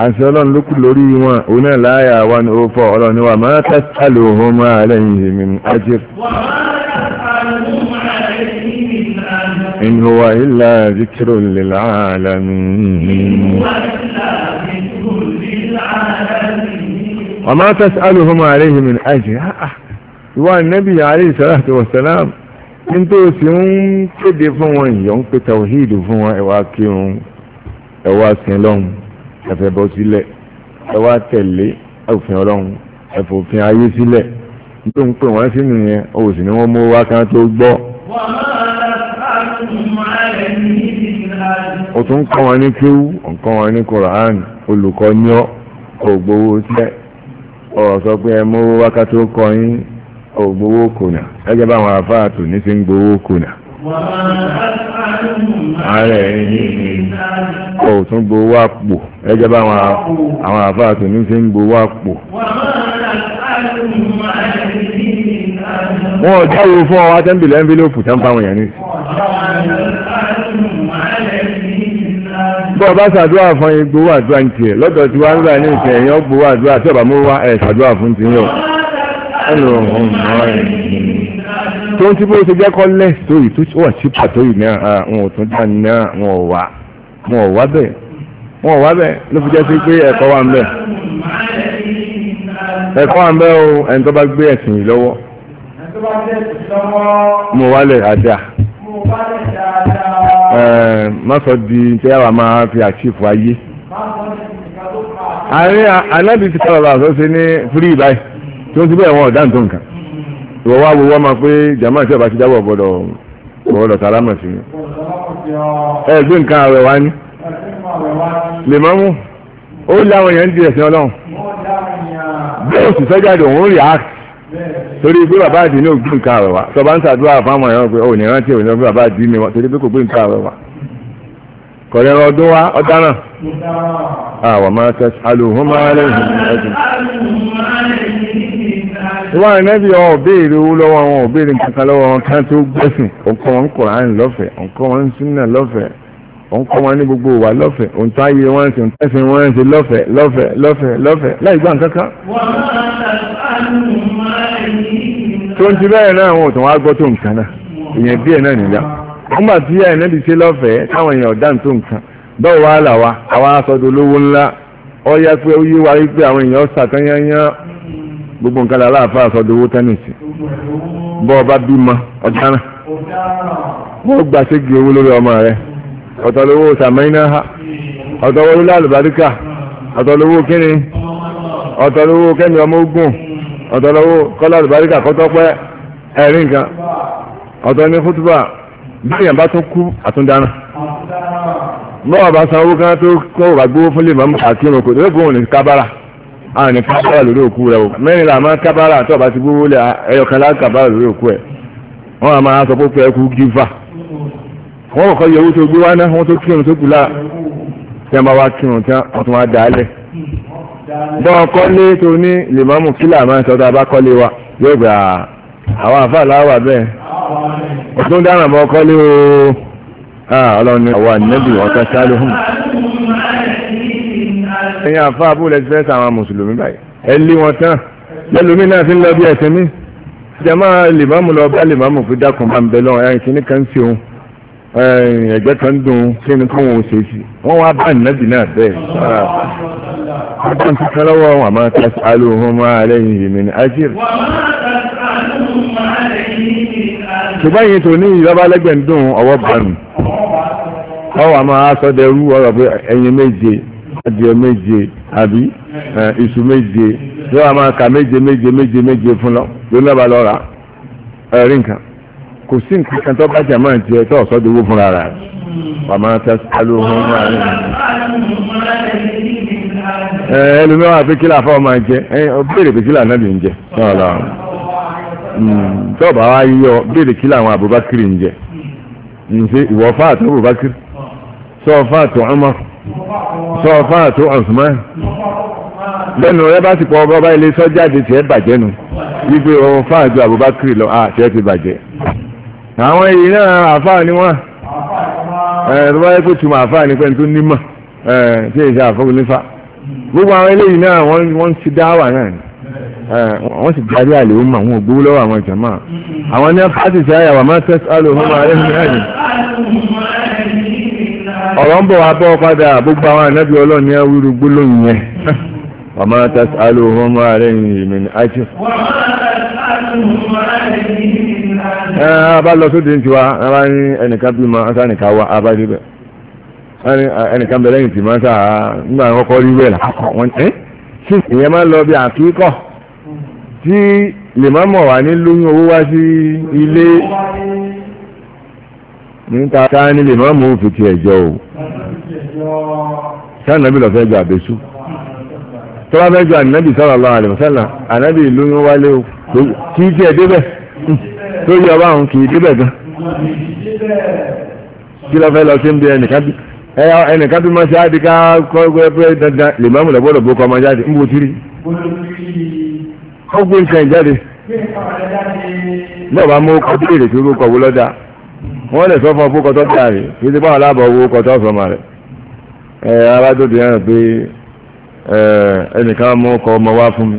Speaker 1: àti ọlọ́run ló kù lórí wọn òun náà láyà wa ni ó fọ ọlọ́run ni wà máa tẹ́tà lóhun máa lẹ́yìn mi ajé. إن هو إلا ذكر للعالمين wà máa tẹ́sàlù fún máa rèé min ajì ìwà nẹ́bí alayhi salatu wassalam ní tó sì ń kéde fún wọn ìyọ̀ ń pe tawhid fún wọn ẹ̀wà kírun ẹ̀wà sin lọ́hùn ẹ̀fẹ̀ bọ́ sílẹ̀ ẹ̀wà tẹ̀lé òfin ọlọ́hun ẹ̀fòfin ayé sílẹ̀ tó ń pè wọ́n sínú yẹn o sì ní wọ́n mú wá kan tó gbọ́. o tún kọ́ wọn ní kéwú ọ̀kan wọn ní kùránì olùkọ́ ní ọ́ kò gbowó sílẹ̀ ọ̀rọ̀ sọ pé ẹ mú wákàtí ó kọ yín ò gbowó kùnà ẹgẹ́ bá àwọn àfáà tò ní ti ń gbowó kùnà.
Speaker 2: ààrẹ ẹ̀yìn
Speaker 1: kò tún gbowó àpò ẹgẹ́ bá àwọn àfáà tò ní ti ń gbowó àpò. wọ́n jáwó fún ọ wá tẹ́ńbìlì ẹ́ńbìlì òfù tẹ́ńpà wọ̀nyẹn ní bọ́ ọba ṣàdúrà fún yín gbowó àdúrà ní tiẹ̀ lọ́dọ̀ tí wàá ń gbà ní ìfẹ́ èèyàn gbowó àdúrà tí ọba mú wá ẹ̀ ṣàdúrà fún ti yàn ẹnu ọ̀hún mọ́ ẹ̀. tó ń tí bó ṣe jẹ́ kọ́ lẹ́sì tó yìí tó wà sí pàtó yìí náà wọn ò tún dá náà wọn ò wá wọn ò wá bẹ́ẹ̀ wọn ò wá bẹ́ẹ̀ ló fi jẹ́ sí pé ẹ̀kọ́ wa ń bẹ ẹ̀kọ́ wa ń bẹ o ẹni tó bá gbé ẹ̀sìn yìí lọ́wọ́ mo wálẹ̀ àjà.
Speaker 2: mo wálẹ̀ àjà
Speaker 1: mọ́sọ̀ di tí àwa máa fi àṣìfò ayé.
Speaker 2: àárín anábì ti kábàbà àṣọ
Speaker 1: ṣe ní fúrí ìbáyì tó ń ti bẹ́ẹ̀ wọn ọ̀dá nǹkan nǹkan ìwọ wá wo wọ́n máa pé jàmáà tí ọba ti jábọ̀ gbọ́dọ̀ gbọ́dọ̀ sálámà sí i. ẹ gbé nǹkan àwẹ̀ wá ní. lè máa mú ó láwọn yẹn ń di ẹ̀sìn ọlọ́run. bẹ́ẹ̀ sì sọ́jà dùn ó rí àá torí pé bàbá àdì ní ògbé nǹkan àwẹ̀wà tó bá ń sàdúrà fáwọn èèyàn pé òní rántí òní ọgbẹ́ bàbá àdì ní wọn torí pé kò gbé nǹkan àwẹ̀wà kọ̀rẹ́ ọdún wa ọ̀dá náà àwọn máa tẹ alùhùn máa lẹ́yìn ẹ̀sìn. ìwà ìnẹ́bí ọ̀ béèrè owó lọ́wọ́ wọn ò béèrè nǹkan lọ́wọ́ wọn kan tó gbẹ́sìn òǹkọ́ wọn Kùránì lọ́fẹ̀ẹ́ òǹkọ́ wọn súnà lọ́fẹ̀ẹ́ òǹkọ́ wọn ní gbogbo wa lọ́fẹ̀ẹ́ òǹtọ́ ayé wọn ń ṣe òǹtẹ́sìn wọn ń ṣe lọ́fẹ̀ẹ́ lọ́fẹ̀ẹ́ lọ́fẹ̀ẹ́ láì gbà nǹkan kan.
Speaker 2: wọ́n máa tẹ alùhùn tó
Speaker 1: ti bẹ́ẹ̀ náà wọn ò tún wá gbọ́ tó nǹkan náà èèyàn díẹ̀ náà nìyà wọ́n ẹ̀ lọ́fẹ̀ẹ́ táwọn wa olówó ńlá ọ yá pé ó yé wa rí pé àwọn èèyàn ṣàtàn yányán gbogbo nǹkan làlá àfa aṣọ́dọ̀ owó tẹ́nìsì ọba wọ́n gbà ségi owó ọmọ rẹ sàmẹ́ná ọ̀tọ̀ lọ́wọ́ kọ́lá àlùbáríkà kọ́tọ́ pẹ́ ẹ̀rí nǹkan ọ̀tọ̀ ní fútúbà báyà bá tún kú àtúndáná bọ́ọ̀ bá san owó kan tó kọ́ wà gbówó fún lèmọ́ àti irun kò tó kóhùn ní kábàrà a ní kábàrà lórí òkú rẹ o mẹ́rin là máa kábàrà tó bá ti gbówó lẹ̀ ẹyọ kan lá kábàrà lórí òkú ẹ̀ wọ́n a máa sọ pé pé ẹkú gífà wọ́n kọ́ yẹ owó tó gbé wá náà wọ́n tó kírun tó kù láà tí bọ́n kọ́lé tó ní lèmọ́mù kílà máa ń sọ tá a bá kọ́lé wa yóò gbà àwọn àfáà láwà bẹ́ẹ̀ ó tún dára bọ́ kọ́lé o ọlọ́run ní àwọn ànẹ́bì ọ̀tá sáré hùn. ẹ̀yin àfáà bó lẹ́sí fẹ́ sàwọn mùsùlùmí báyìí ẹ lé wọn tán lẹ́lómi náà fi ń lọ bí ẹ̀sìn mi jẹ́ máa lèmọ́mù lọ bá lèmọ́mù fi dákun bá ń bẹ lọ́wọ́ ẹ̀yìn kìíní kan ń fi òun ẹgbẹ́ kan dùn kí ni káwọn ò ṣe sí wọ́n wá bá nínàbì náà bẹ́ẹ̀ sára ọdún kíkan lọ́wọ́ àwọn àmọ́ tàṣí alóhùn máa lẹ́yìn ìmì ní ajírí ṣùgbọ́n yìí tó ní ìjọba lẹ́gbẹ̀ẹ́ ń dùn ọwọ́ bánu ọwọ́ àmọ́ asọ́dẹ̀rú ọ̀rọ̀ pé ẹyin méje adìẹ méje àbí iṣu méje yóò àmọ́ ka méje méje méje méje fún lọ lónà bá lọ́ra ẹ̀rí nǹkan kò sí nǹkan kan tó bá jàmọ́ àti ẹ̀ tó ọ̀sọ́ dowó fúnra rà wàmọ́ tẹ́sítálù ọ̀hún wà ní. ẹ ẹlòmíràn àti kílà fọ́ máa jẹ ẹ béèrè pé kílà náà lè ń jẹ ọ̀la hmm, tọ́ọ̀bà wa yíyọ béèrè kílà àwọn Abubakar ń jẹ ǹṣe ìwọ fáàtì Abubakar sọ fáàtì Umar sọ fáàtì Usman lẹ́nu rẹ bá sì pọ̀ ọba ilé sọ́jáde tiẹ̀ bàjẹ́ nu wípé ọ̀fáàjọ Abubakar lọ àti ẹ ti bàjẹ́ àwọn èyí náà àfáà ni wọ́n tó bá yẹ kó túmọ̀ àfáà ní pẹ́ni tó nímọ̀ tí èyí ṣe àfọ́gbọ́n nífà gbogbo àwọn eléyìí náà wọ́n ti dá wà náà ni wọ́n sì darí àlè ó mà wọn ò gbówó lọ́wọ́ àwọn ìjàmbá àwọn ní apáàtì sí àyàwó máa tẹ́sí àlò fún ààrẹ ní àyè ọ̀rọ̀ ń bọ̀ wá bọ́ padà gbogbo àwọn ànábì ọlọ́run ní awúrú gbólóhùn yẹn wà máa tẹ́sí àlò fún ààrẹ ní ìmìnira àjẹ́. wà máa
Speaker 2: tẹ́sí àlò fún ààrẹ ní ìmìnira àjẹ́ bá lọ
Speaker 1: sóde ní tiwa ara ní ẹnìkan bí ma ṣá nìkan wá abá débẹ̀ ẹnìkan bẹ̀rẹ̀ yìí tì máa ṣá nígbà wọn kọ́ rí wẹ̀ làkọ̀ wọn ẹ́ sí ìyẹn máa lọ bí àkíkọ̀ tí lè má mọ̀ wá ní lóyún owó wá sí ilé níta ká ní lè má mú fìtì ẹ̀jọ́
Speaker 2: o
Speaker 1: sáà nàbí lọ fẹ́ jọ àbẹ̀sù tọ́lá fẹ́ jọ ànábì sallallahu alaihi wasallam ànábì lóyún wálé o kì í tiẹ̀ débẹ̀ lórí ọba àwọn kì í débẹ̀ gan kí lọ fẹ́ lọ sí ń bí ẹnìkan bí ẹnìkan bí mọ́sí àdìgá kọ́gbẹ́ pé dandan lè máa mú lọ gbọ́dọ̀ bó kọ́ ọmọ jáde ń bó tiri ó gbé nǹkan ìjáde
Speaker 2: bọ́ọ̀ bá mú kọ́
Speaker 1: bí èrè tó kọ́ wó lọ́dà wọ́n lè sọ fún ọ fún kọ́tọ́ dáa rẹ̀ kí ti bá wọn láàbọ̀ owó kọ́tọ́ sọmọ rẹ̀ ẹ̀ arájọ́ ti hàn pé ẹnìkan mú kọ́ ọmọ wá fún mi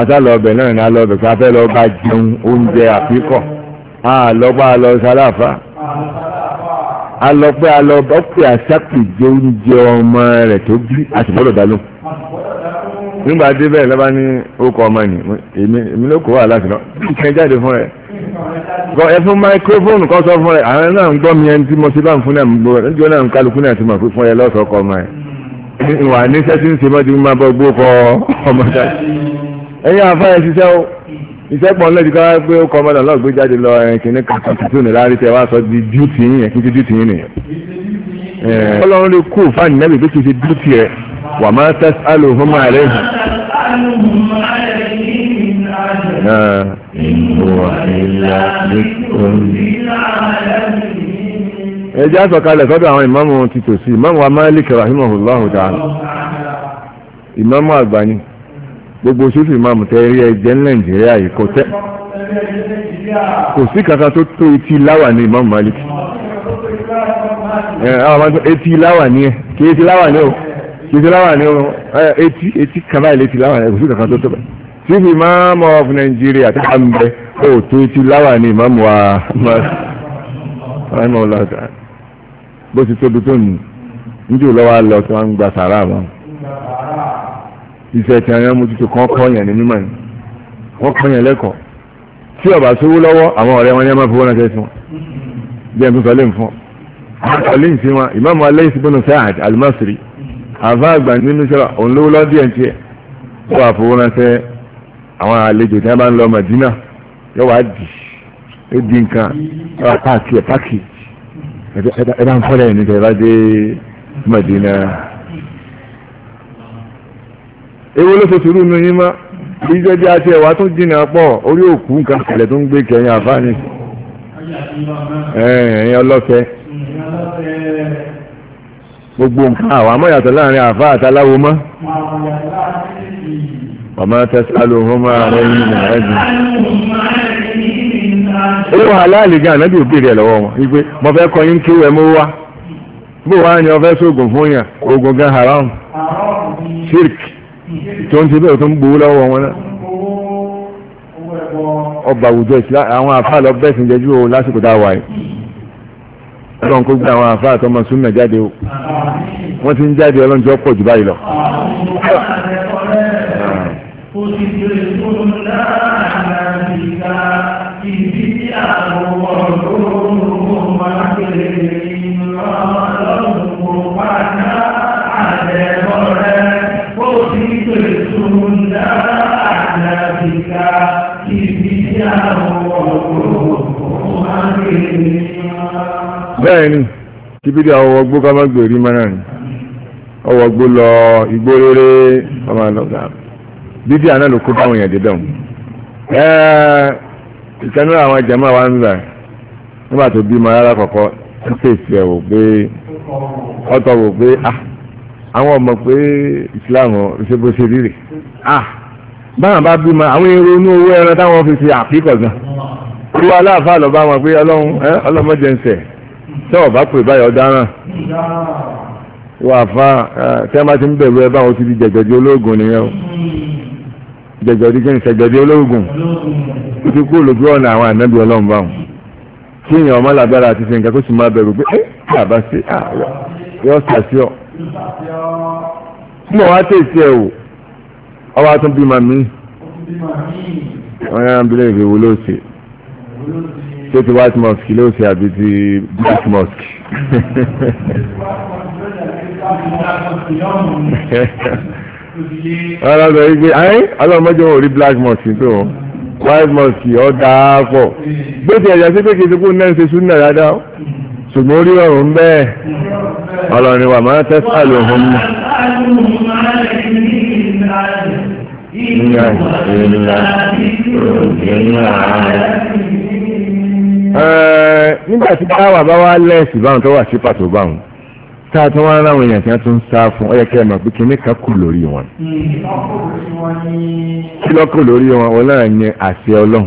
Speaker 1: asálọ̀ọ̀bẹ̀ náà ní alọ́ọ̀bẹ̀ pé a fẹ́ lọ bá jẹun oúnjẹ àfikọ̀ àlọ́pẹ́ alọ́sálàfà alọ́pẹ́ alọ́pẹ́ àṣàpèjẹ oúnjẹ ọmọ rẹ̀ tó bí àtìbọ́dọ̀ dáló nígbà dé bẹ́ẹ̀ lọ́ba ní okọ̀ ọmọ ni èmi ló kó wà láti lọ bí ìkẹ́ jáde fún rẹ̀ kọ ẹ fún máikrófóònù kọ́ sọ fún ẹ àwọn náà ń gbọ́ mi ẹni tí mo ti bá ń fún náà ń gbọ́ níjọ́ náà ń kálukú náà ti mọ̀ pé fún ẹ lọ́sọ̀ọ́kọ́ ọmọ ẹ ìwà ní sẹ́tí ṣe mọ́ ti máa bọ́ gbó kọ ọmọ
Speaker 2: dáadáa
Speaker 1: ẹ̀yin àfáà ṣiṣẹ́ o iṣẹ́ pọ̀ ńlẹ̀ jùlọ pé ó kọ́ ọmọdé náà gbé jáde lọ ẹ̀yìn kìíní kàtàkùtù ní láàrin tẹ wá sọ di dúùtì yín yẹn kí ti dúùtì yín nìyẹn. ọlọ́run lè kú fáàní náà bí kì í ṣe dúùtì rẹ̀ wà máa tẹ́sí àlòhùn máa rẹ̀ hàn. ẹ jẹ́ àsọ̀kalẹ̀ àwọn ìmáàmù títòsí ìmáàmù wa Malik rahimahullahu ta'ala ìmáàmù àgbà ni gbogbo sófin máa mú tẹ́rí ẹ̀jẹ̀ ní nàìjíríà yìí kò tẹ́ kò sí kankan tó tó etí láwà ní Imam Malik etí láwà ní ẹ kì etí láwà ní o kì í etí láwà ní o etí etí kaba ilé etí láwà ní kò sí kankan tó tó bẹ sófin Imam of Nigeria tó kà ń bẹ ó tó etí láwà ní Imam wa bó ti tóbi tó nù ń jù lọ́wọ́ lọ tí wọ́n ń gba sàrà wọn iṣẹ́ ti àwọn amójútó kan kọ́ọ̀yàn ní mímọ̀ ni wọ́n kọ́ọ̀yàn lẹ́kọ̀ọ́ tí ọba sówó lọ́wọ́ àwọn ọ̀rẹ́ wọn ní a máa fi wọ́n ránṣẹ́ sí wọn jẹ́ ìpín sọlé nǹkan àtàlẹ́ ìsìn wọn ìmáàmù alẹ́ ìsìn bọ́nà sáàd alimasiri àfa àgbà nínú sọ́ra òun lówó lọ́ díẹ̀ tiẹ̀ ó wà fowó ránṣẹ́ àwọn àlejò tí wọ́n bá ń lọ Madina yóò wá dì é di nǹkan yóò wá páàkì ẹ̀ páàkì Madina. ewu ló ṣe sùúrù yín mọ́ ìjọ jẹ́ àti ẹ̀wà tún jìnnà pọ̀ orí òkú nǹkan kẹlẹ̀ tó ń gbé kẹyìn àfáàní ẹ̀yìn ọlọ́fẹ́ gbogbo nǹkan àwọn amọ̀yàtọ̀ láàrin àfáà àtàláwo mọ́ ọmọ tẹsílálò ọmọ ààrẹ yìí nà ẹ̀jìn owó aláàlì gan ànábì òbèrè ẹ̀ lọ́wọ́ wọn wípé mo fẹ́ kọ́ yín wá bó ọ fẹ́ sóògùn fún yàn oògùn tó ń ṣe bẹ́ẹ̀ tó ń gbowó lọ́wọ́ wọn náà ọba àwùjọ àwọn àfáà lọ bẹ́ẹ̀ sìn jẹ́jú o lásìkò tá a wà yìí ọlọ́run kó gbé àwọn àfáà tó máa súnmọ̀ jáde o wọ́n ti ń jáde ọlọ́run jọ pọ̀ jù báyìí lọ. bẹ́ẹ̀ ni kíbídì àwọn ọgbó ká má gbèrí mọ́ náà ni ọwọ́ gbó lọ igbó rere ọmọ àlọ́gà bíbí àná ló kó báwọn èèyàn dédọ̀ ìkànnì àwọn jama wa ń zà nígbà tó bímọ rárá kọ̀kọ́ ń fèsì ẹ̀ wò pé ọ̀tọ̀ wò pé ah àwọn ọmọ pé Islam ṣe bó ṣe rírè ah báwọn bá bímọ àwọn èrò inú owó ẹran táwọn fi ṣe àfikọ̀ gan olúwa aláàfáà lọ bá wọn pé ọlọ́run ọlọ́mọdé ń sẹ̀ tẹ́ ọ̀bá pè báyọ̀ dáràn wà fà tẹ́ bá ti ń bẹ̀rù ẹ báwọn ti di jẹ̀jọ̀dí olóògùn nìyẹn o jẹ̀jọ̀dí kí ni sẹ̀jọ̀dí olóògùn ó ti kú olùgbé ọ̀nà àwọn ànábì ọlọ́run báwọn kí èèyàn ọmọ làbára àti ṣe nǹkan tó sì máa bẹ̀rù pé ẹ́ kí àbá ṣe yọ sàṣẹ ọ. mo wá tèsí ẹ wò ọwọ́ àtúnbí màmí ọ̀yà abilé ìwé wo ló ṣe ṣé ti white mosque ló ṣe àbí ti black mosque. ọlọ́run sọ wípé ayé ọlọ́mọdé wọn ò rí black mosque tó wọn white mosque ọ̀ dáa pọ̀ bó ti ẹ̀yà sí pé kì í ti kú náà ṣe súnà dáadáa o ṣùgbọ́n orí ọ̀run bẹ́ẹ̀ ọlọ́run ni wà máa tẹ́sà ló hàn mọ́. Ìyá ìlà ìlú ìlà nígbà tí dáwà bá wá lẹ́ẹ̀sì báwọn tó wà sí pàtó báwọn tá a tún wá láwọn èèyàn tí wọ́n tún sá fún ó yẹ kẹ́ ẹ mọ̀ pé kíní kan kù lórí wọn.
Speaker 2: kí lọ́kù lórí
Speaker 1: wọn wọn náà ní àṣẹ ọlọ́run.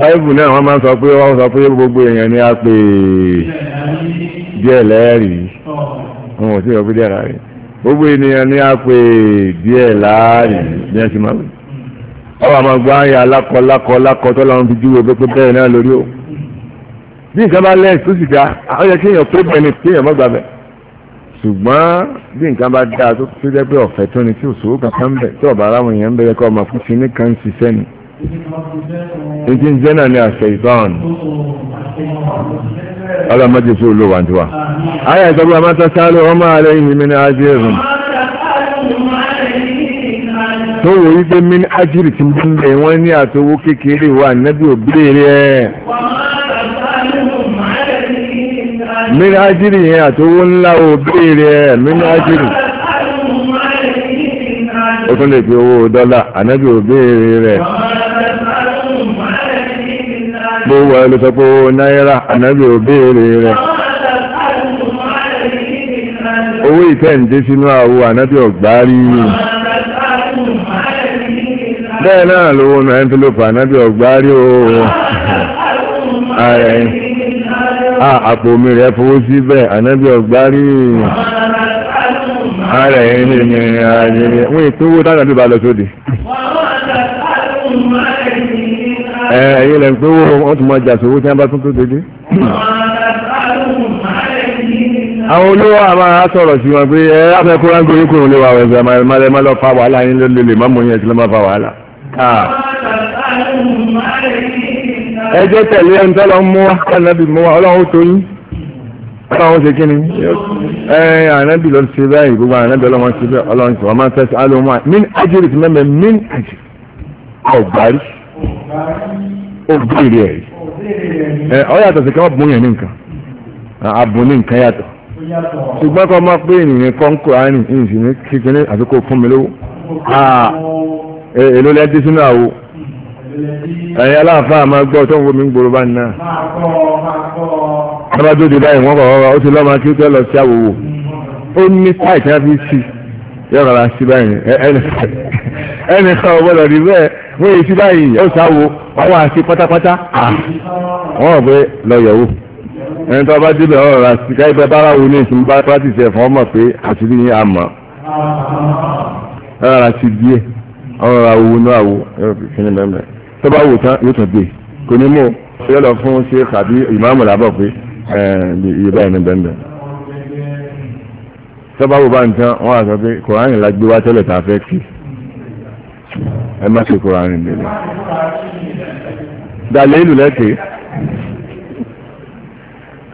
Speaker 2: báyìbù náà wọ́n
Speaker 1: máa ń sọ pé wọ́n sọ pé gbogbo èèyàn ni a pè díẹ̀ lẹ́rìí wọn ò sí ìrọ̀pẹ́ díẹ̀ láàrin gbogbo ènìyàn ni a pè díẹ̀ láàrin bí wọ́n ti máa wí ọwọ́ àmọ́ gbọ́ ayé alákọ̀ lákọ̀ lákọ̀ tó lọ́run fi júwe pé bẹ́ẹ̀ náà lórí o bí nǹkan bá lẹ́yìn tó sì dá ó yẹ kéèyàn pé bẹ́ẹ̀ ni kéèyàn mọ́ gbà bẹ́ẹ̀ ṣùgbọ́n bí nǹkan bá dáa tó tó jẹ́ pé ọ̀fẹ́ tó ni tí ò sówó kankan ń bẹ̀ tí ọ̀bà aráwọ̀ yẹn ń bẹ̀rẹ̀ kọ́ ọmọ fún kinní kan ṣiṣẹ́ ni ètí ń jẹ́ náà ni àṣẹ ìbáwọn
Speaker 2: ọlọ́mọdé fún olówó àdúrà ayé
Speaker 1: àtọ́gbà máa tọ́ sáré ọmọ àlẹ́ yìí mi ní ajé rùn. tó wò yí pé mín ájírì ti ń bẹ̀ wọ́n ní àtowó kékeré wà nábì òbílẹ̀ rẹ̀ mín ájírì yẹn àtowó ńlá òbílẹ̀ rẹ̀ mín ájírì ó tún lè fi owó dọ́là ànábì rẹ̀ gbogbo ẹ̀ ló sọ pé náírà ànábì òbílẹ̀ rẹ̀ owó ìtẹ́ǹdé sínú àwo ànábì bẹ́ẹ̀ náà lówó náà ẹni tó ló fà náà bí ọgbà rí o àpò omi rẹ̀ fowó sí bẹ́ẹ̀ ànábì ọgbà rí
Speaker 2: ààrẹ ẹni ní
Speaker 1: ààrẹ wọ́n ìpínwó dáadáa tó bá lọ sóde ẹ̀yìn lẹ̀ ń pínwó wọ́n tún mọ ọjà sówó tí wọ́n bá tún tó dédé àwọn olówó àmà sọ̀rọ̀ sí wọn pé ẹ afẹ́kúrá ń gorí lé wa wẹ̀ ẹ̀sẹ̀ máa lọ fa wàhálà yín lólè lè má mú yẹn sí lọ́ máa fa wàhálà Ah. ẹ jẹ́ tẹ̀lé ẹni tọ́lọ mú wá kánàbì mú wá ọlọ́run tó yín ọlọ́run ṣe kí ni ẹ ànábì ló ṣe báyìí gbogbo ànábì ọlọ́run ṣe bẹ́ẹ̀ ọlọ́run ṣe wọ́n máa ń tẹ́sí alóhùn min ajiri ti mẹ́mẹ́ min ajiri ọ̀gbárí ògbéèrè ẹ̀rí ẹ ọ yàtọ̀ sí kí wọ́n bùn yẹn ní nǹkan àbùn ní nǹkan yàtọ̀ ṣùgbọ́n kọ́ máa pé ènìyàn kọ́ ń kọ́ àárín ìsìn ní kíkiní àfikún fún mi lówó ah. Eh, èlò lẹ́dí sínú àwo ẹ̀yin aláàfáà máa gbọ́ tó ń wo mi ń gbòòrò bá nínú náà. bábá tó di báyìí wọ́n kọ̀ ọ́ ó ti lọ́mọ kí ó tẹ́ lọ sí àwòwò ó ní táì tí wọ́n fi sí yóò rọra sí báyìí ẹnì kan ò gbọ́dọ̀ rí bẹ́ẹ̀ wọ́n yìí sí báyìí ó sáwo ọwọ́ àti pátápátá wọ́n ò pé lọ́yọ̀wò ẹni tó bá débẹ̀ ọ̀rọ̀ rà sí káyipẹ́ bára wo ní ìsinmi bá
Speaker 2: pátìsì
Speaker 1: ọ̀rọ̀ ra owó náà wò yóò fi kíni mẹ́mẹ́ tó bá wò tán yóò tún gbé kò ní mú ṣé lọ fún ṣé kàbí ìmáàmù làbọ̀ pé iye báyìí ní bẹ́ẹ̀ tó bá wò bá ń tán wọ́n á sọ pé kòránì la gbé wá tẹ́lẹ̀ tá a fẹ́ kí ẹ má ṣe kòránì lélẹ̀ dàlẹ́ ìlú lẹ́kẹ̀ẹ́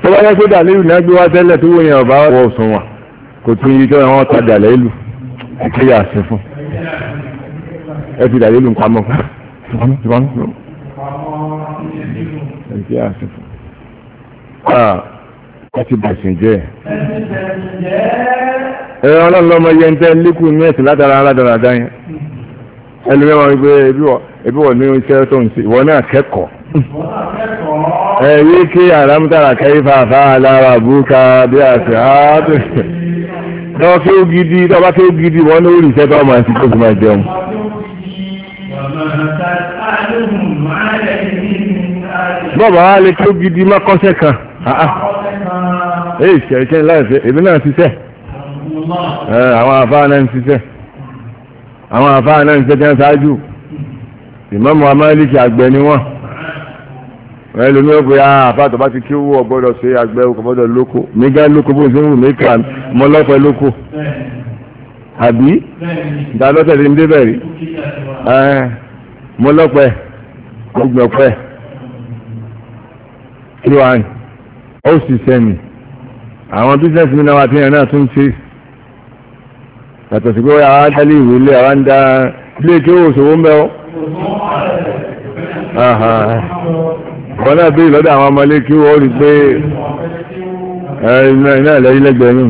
Speaker 1: tó bá yẹ pé dàlẹ́ ìlú náà gbé wá tẹ́lẹ̀ tó wò yẹn ọ̀bá wọ̀ sùn wà kò tún yí tó yẹ wọ́n ta dàlẹ́ ìlú kíyà sí fún ẹ ti dàdé lù ń pamọ́ tìpamọ́ tìpamọ́ tìpamọ́. ẹ ti àṣẹ fún ẹ ti bẹ̀sìn jẹ́ ẹ ọlọ́run lọ́mọ yẹn tẹ́ líkù ní ẹ̀sìn ládàra ládàra dá yẹn ẹlòmíràn wọn wípé ebi wọ ní iṣẹ́ tó ń ṣe ìwọ náà kẹ́kọ̀ọ́ ẹ yí kí àrámútàrà kẹ́yí fàáfà alára àbúkà bí àti àádọ́ kí ó gidi tọ́ba kí ó gidi wọn ní orí iṣẹ́ tó máa ń ṣe tó fi máa jẹun. bọ́ọ̀bù wa lè tó gidi má kọ́sẹ̀ kan èyí ṣẹ̀ṣẹ̀ láìsẹ̀ èmi náà ṣiṣẹ́ àwọn àfáà náà ń ṣiṣẹ́ àwọn àfáà náà ń ṣiṣẹ́ kí wọ́n ṣáájú ìmọ̀mù amálíkì àgbẹ̀ ni wọ́n wọ́n lómi ó pé ah, àfáà tó bá ti kí owó ọgbọ́dọ̀ ṣe àgbẹ̀ ó kọ́bọ́dọ̀ lóko mégá lóko bó ṣe ń wù mí kà mọ́ lọ́pẹ́ lóko àbí ìdálọ́tẹ̀ ti ń débẹ̀ rí mọ́ lọ́pẹ́ gbọ̀pẹ́ kílò wá ní ó sì sẹ́mi àwọn business mi náà wà tí yẹn náà tún ṣe yàtọ̀ sí pé wọ́n yàrá dálé ìwé ilé àwa ń da ilé tí ó ṣòwò ń bẹ́ ọ́ wọn náà bí lọ́dọ̀ àwọn ọmọlé kí wọ́n rí pé náà lẹ́yìn lẹ́gbẹ̀ẹ́ nù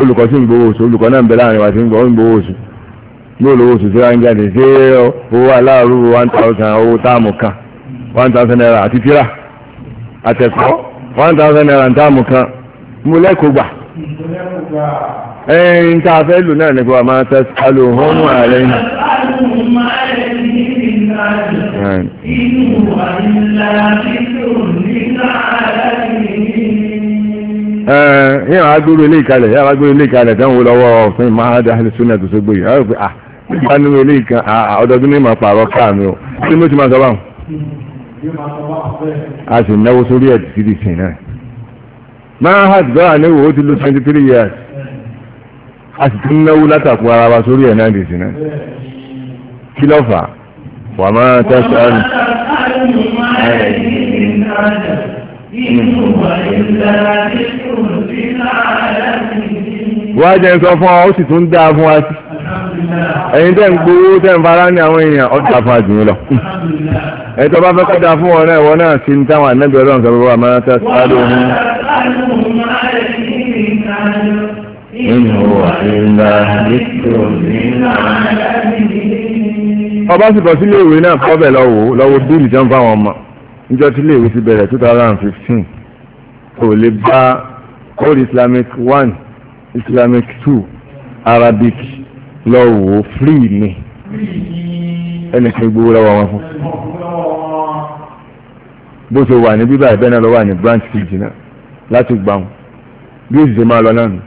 Speaker 1: olùkọ́ sí ń gbowó oṣù olùkọ́ náà ń bẹ láàrin wa sí ń gbowó oṣù ní olówó oṣù tí wọ́n ń jáde ṣé owó aláàrú one thousand owó táàmù kan one thousand naira àti tíra. àtẹ̀kọ́ one thousand naira kan mo lẹ́kọ̀ọ́ gbà ẹ̀yìn tá a fẹ́ lò náà nípa máa tẹ́ alò hónú ààrẹ ní. yẹ́n wàá gbóró ilé ìkalẹ̀ yẹ́n wàá gbóró ilé ìkalẹ̀ yìí. Ah, nígbà ah, o. a sì náwó sórí ẹ̀ títí di sìn náà máa hà gbọ́ àléwò ó ti lo twenty three years a sì tún náwó látàkùn ara wa sórí ẹ̀ náà di sìn náà kí ló fà wà máa tẹ́sí àrùn. إن هو إلا ذكر للعالمين wá jẹ́ sọ fún ọ ó sì tún dáa fún wa sí ẹ̀yin tẹ́ ń gbowó tẹ́ ń fara ní àwọn èèyàn ó dáa fún àjùmí lọ ẹ̀ tó bá fẹ́ kọ́ dáa fún ọ náà ìwọ náà sí ní táwọn ànábì ọlọ́run sọ fún wa máa tẹ́ sáré ohun.
Speaker 2: ọba sì bọ̀ sílé ìwé náà kọ́bẹ̀
Speaker 1: lọ́wọ́ lọ́wọ́ bíìlì jẹun fáwọn ọmọ níjọ́ tí ilé ìwé ti bẹ̀rẹ̀ 2015 kò lè bá all islamic one islamic two arabic lọ́wọ́ free ni ẹnìkan gbowó lọ́wọ́ wọn fún bó ṣe wà ní bíbá ìbẹ́ náà lọ́wọ́ àní branch kejì náà láti gbà wọn bí ó sì ṣe máa lọ náà nù.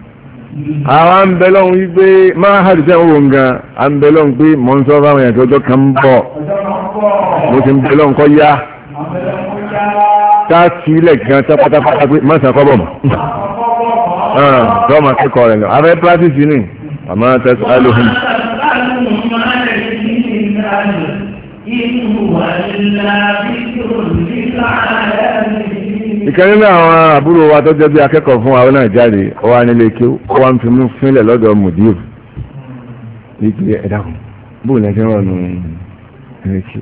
Speaker 1: àwa ń bẹ lọ́hùn wípé máa hàdì sẹ́ ń wò nǹkan à ń bẹ lọ́hùn pé mò ń sọ fáwọn èèyàn tó ọjọ́ kan ń bọ̀ mo ti ń bẹ lọ́hùn kọ́ yá tá a ti ilẹ̀ gan tá pé má sàn kọ́ bọ̀ mọ́
Speaker 2: tọ́mà ah, kíkọ́ rẹ̀
Speaker 1: lọ afẹ́ pírátìsì ni àmọ́ tẹ́sí alóhùn. ìkẹ́ni ní àwọn àbúrò wa tó jẹ́ bí akẹ́kọ̀ọ́ fún wa náà jáde ó wá nílé kí ó wá ń fi mú fínlẹ̀ lọ́dọ̀ mùdíò nígbè ẹ̀dáhùn bóun lẹ́sẹ̀ wà nù ẹ̀rẹ́ kí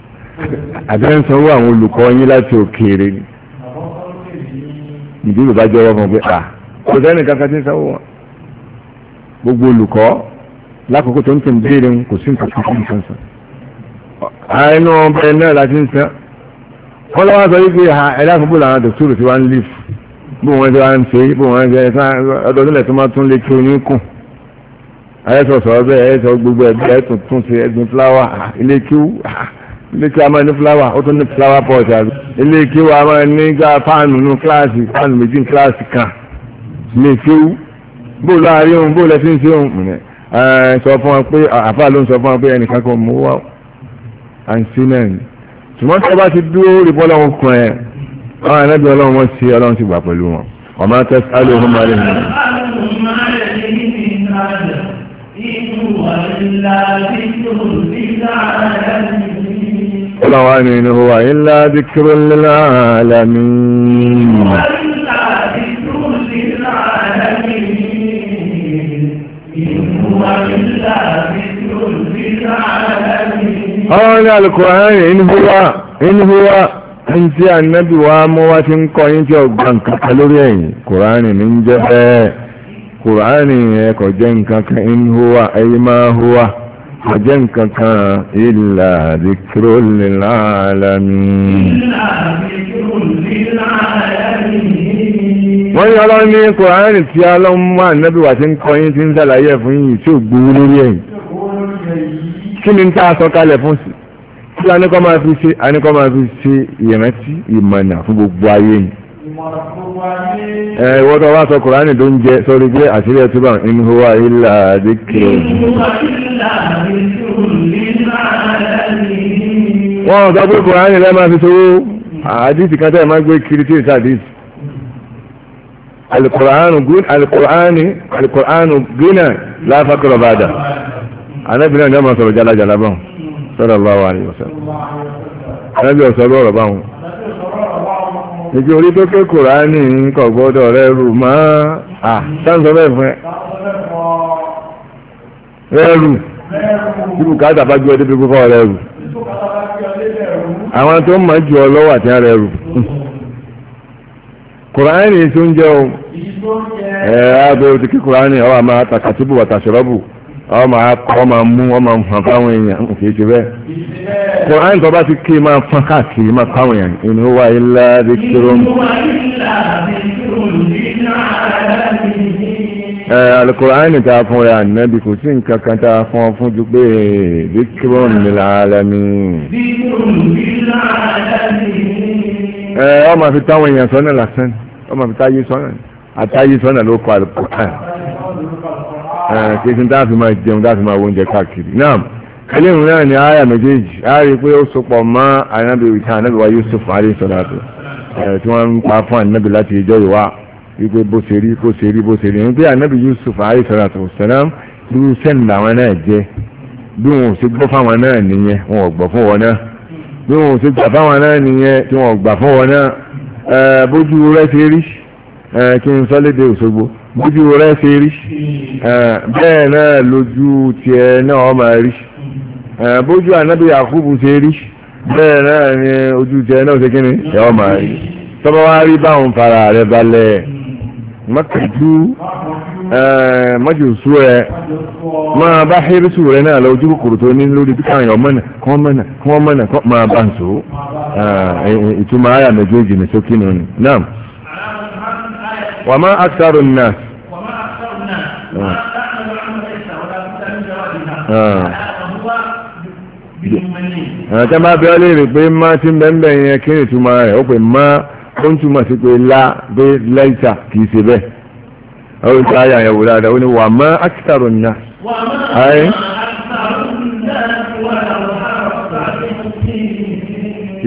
Speaker 1: àbẹ́rẹ́ ń sanwó àwọn olùkọ́ yín láti òkèèrè ni ìdí yorùbá jẹ́ wọ́n fún pé à kò sẹ́ni kankan tí ń sanwó wọn gbogbo olùkọ́ lákòókò tó ń tẹ̀ ń béèrè ń kò sí nǹkan tó ń san san àìnú ọbẹ̀ náà la ti ń san wọ́n lọ́wọ́ sọ wípé ẹ̀dá àkókò làwọn dòkítọ́rù ti wá ń lif bó wọn ti wá ń ṣe bó wọn ti ọdún nílẹ̀ tó máa tún lé kí oyún kù ayẹ́sọ̀sọ̀ ọbẹ̀ ayẹ́sọ̀ gbogbo ẹ̀bí ẹ̀tún tún ṣe ẹ̀gbin fúláwà ilé kí a máa ní fúláwà ó tún ní fúláwà pọ̀ọ̀tì àbí ilé a máa ní gbà fáànù nínú kíláàsì fáànù méjì kíláàsì kan lè kéwú bó lọ àárí òun bó lẹ fi ń ṣe òun sọ fún wa pé àfáà ló ń sọ fún wa pé ẹnìkan kan mú wá àǹtí náà ni bá ti dúró rí bọ́lá kan ẹ̀ àwọn ẹ̀nẹ́bí ọlọ́run wọn ṣe ọlọ́run ti gbà pẹ̀lú wọn ọmọ tẹ́sí alóhùn máa lè nìyẹn. ọlọ́run wa ni ìnáwó wa ilá dìkírò lílá àlámì. هؤلاء القرآن إن هو إن هو أنسي النبي وامواتن قوين جوبان كالورين قرآن من جهة قرآن يكو جنكا إن هو أي ما هو حجنكا إلا ذكر للعالمين إلا
Speaker 2: ذكر للعالمين
Speaker 1: wọ́n ní ọlọ́run ní kòránì tí ọlọ́run wà nẹ́bí wà tí ń kọ́ yín tí ń sàlàyé ẹ̀ fún yìí tí ò gbowó lórí ẹ̀yìn kí ni tá a sọ kalẹ̀ fún sí kí anikọ́ máa fi ṣe anikọ́ máa fi ṣe ìrántí ìmọ̀nà fún gbogbo ayé yìí ẹ wọ́n tó wá sọ kòránì tó ń jẹ sọ́rí pé àṣírí ẹ̀ túbà in huwa illa dhikru wọ́n sọ pé kòránì lẹ́ẹ̀ máa fi sọ́wọ́ àdìsí kan tẹ́ ẹ̀ máa gbé kiri tí ì alukur'anu gun alukur'ani alukur'anu gina la fakra bada anabi náà ní ọmọ sọ̀rọ̀ jalajala báwọn sallallahu alaihi wasallam
Speaker 2: anabi ọ̀sọ̀rọ̀ ọ̀rọ̀
Speaker 1: báwọn ìjọ orí tó ké kùránì ń kọ̀ gbọ́dọ̀ rẹ rù mọ́ à sáǹsọ bẹ́ẹ̀ fún ẹ rẹ́rù tí bùkátà bá ju ọdún pípọ́ rẹ́rù àwọn tó mọ̀ jù ọ lọ́wọ́ àti rẹ́rù. kùránì tó ń jẹun
Speaker 2: ẹ̀ẹ́ abẹ́rẹ́
Speaker 1: ti kí kùránì ọwọ́ àmà àtàkàtúbù àtàṣọ́rọ́bù ọ máa kọ́ ma mú ọ ma fọn fáwọn èèyàn kìí ṣe bẹ́ẹ̀. kòrán tó bá ti kí máa fọn káàkiri máa fáwọn èèyàn in huwa illa dhikrun. alukóran ní ta fún ra nẹ́bí kò sí nǹkan kan ta fún ọ fún ju pé dhikrun lil Ẹ ọ máa fi táwọn èèyàn sọ náà ọmọ mi táyé sọ́nà àtàyé sọ́nà ló kọ
Speaker 2: àlùkùránì
Speaker 1: kìí sin táàfin máa jẹun táàfin máa wóúnjẹ káàkiri náà kẹlẹ́rù náà ni àyà méjèèjì a rí pé ó sopọ̀ mọ́ ànábì ìta ànábì wa Yusuf alayisalaatu tí wọ́n ń pa fún ànábì láti ìjọ ìwá wípé bó ṣe rí bó ṣe rí bó ṣe rí wípé ànábì Yusuf alayisalaatu sẹ́lám irú sẹ́ni làwọn náà jẹ́ bí wọn ò ṣe gbọ́ fáwọn náà nìyẹn wọn gbọ́ fún wọn náà bí wọn ṣe gbà fáwọn náà nìyẹn tí wọn gbà fún wọn náà bójú rẹ̀ ṣe rí kí n sọ léde Òṣogbo bójú rẹ̀ ṣe rí bẹ́ẹ̀ náà lójú tiẹ̀ náà máa rí bójú ànábì Yakubu ṣe rí bẹ́ẹ̀ náà ni ojú tiẹ̀ náà ṣe kíni ẹ̀ máa rí tọ́ba wá rí báwọn fara rẹ̀ balẹ̀ mọ́kàdú mọ́jùsú rẹ̀ máa bá hírísù rẹ̀ náà lọ ojú kòkòrò tó ní lórí bí káwọn ọmọ náà kọ́ ọmọ náà kọ́ máa bá ń so. Ah, eh, eh, ìtumọ̀ àyà méjèèjì ní sókè nù ní náà
Speaker 2: wà má àṣàrò náà. Àtẹ́
Speaker 1: máa bẹ́ lè rí pé má tí ń bẹ́ẹ̀ yẹn kí ni túmọ̀ rẹ̀ ó pè má ó ń túmọ̀ sí pé lá pé lẹ́ìtà kì í ṣe bẹ́ẹ̀. Ó ń ta àyà yẹn wò dáadáa ó ní wà má àṣàrò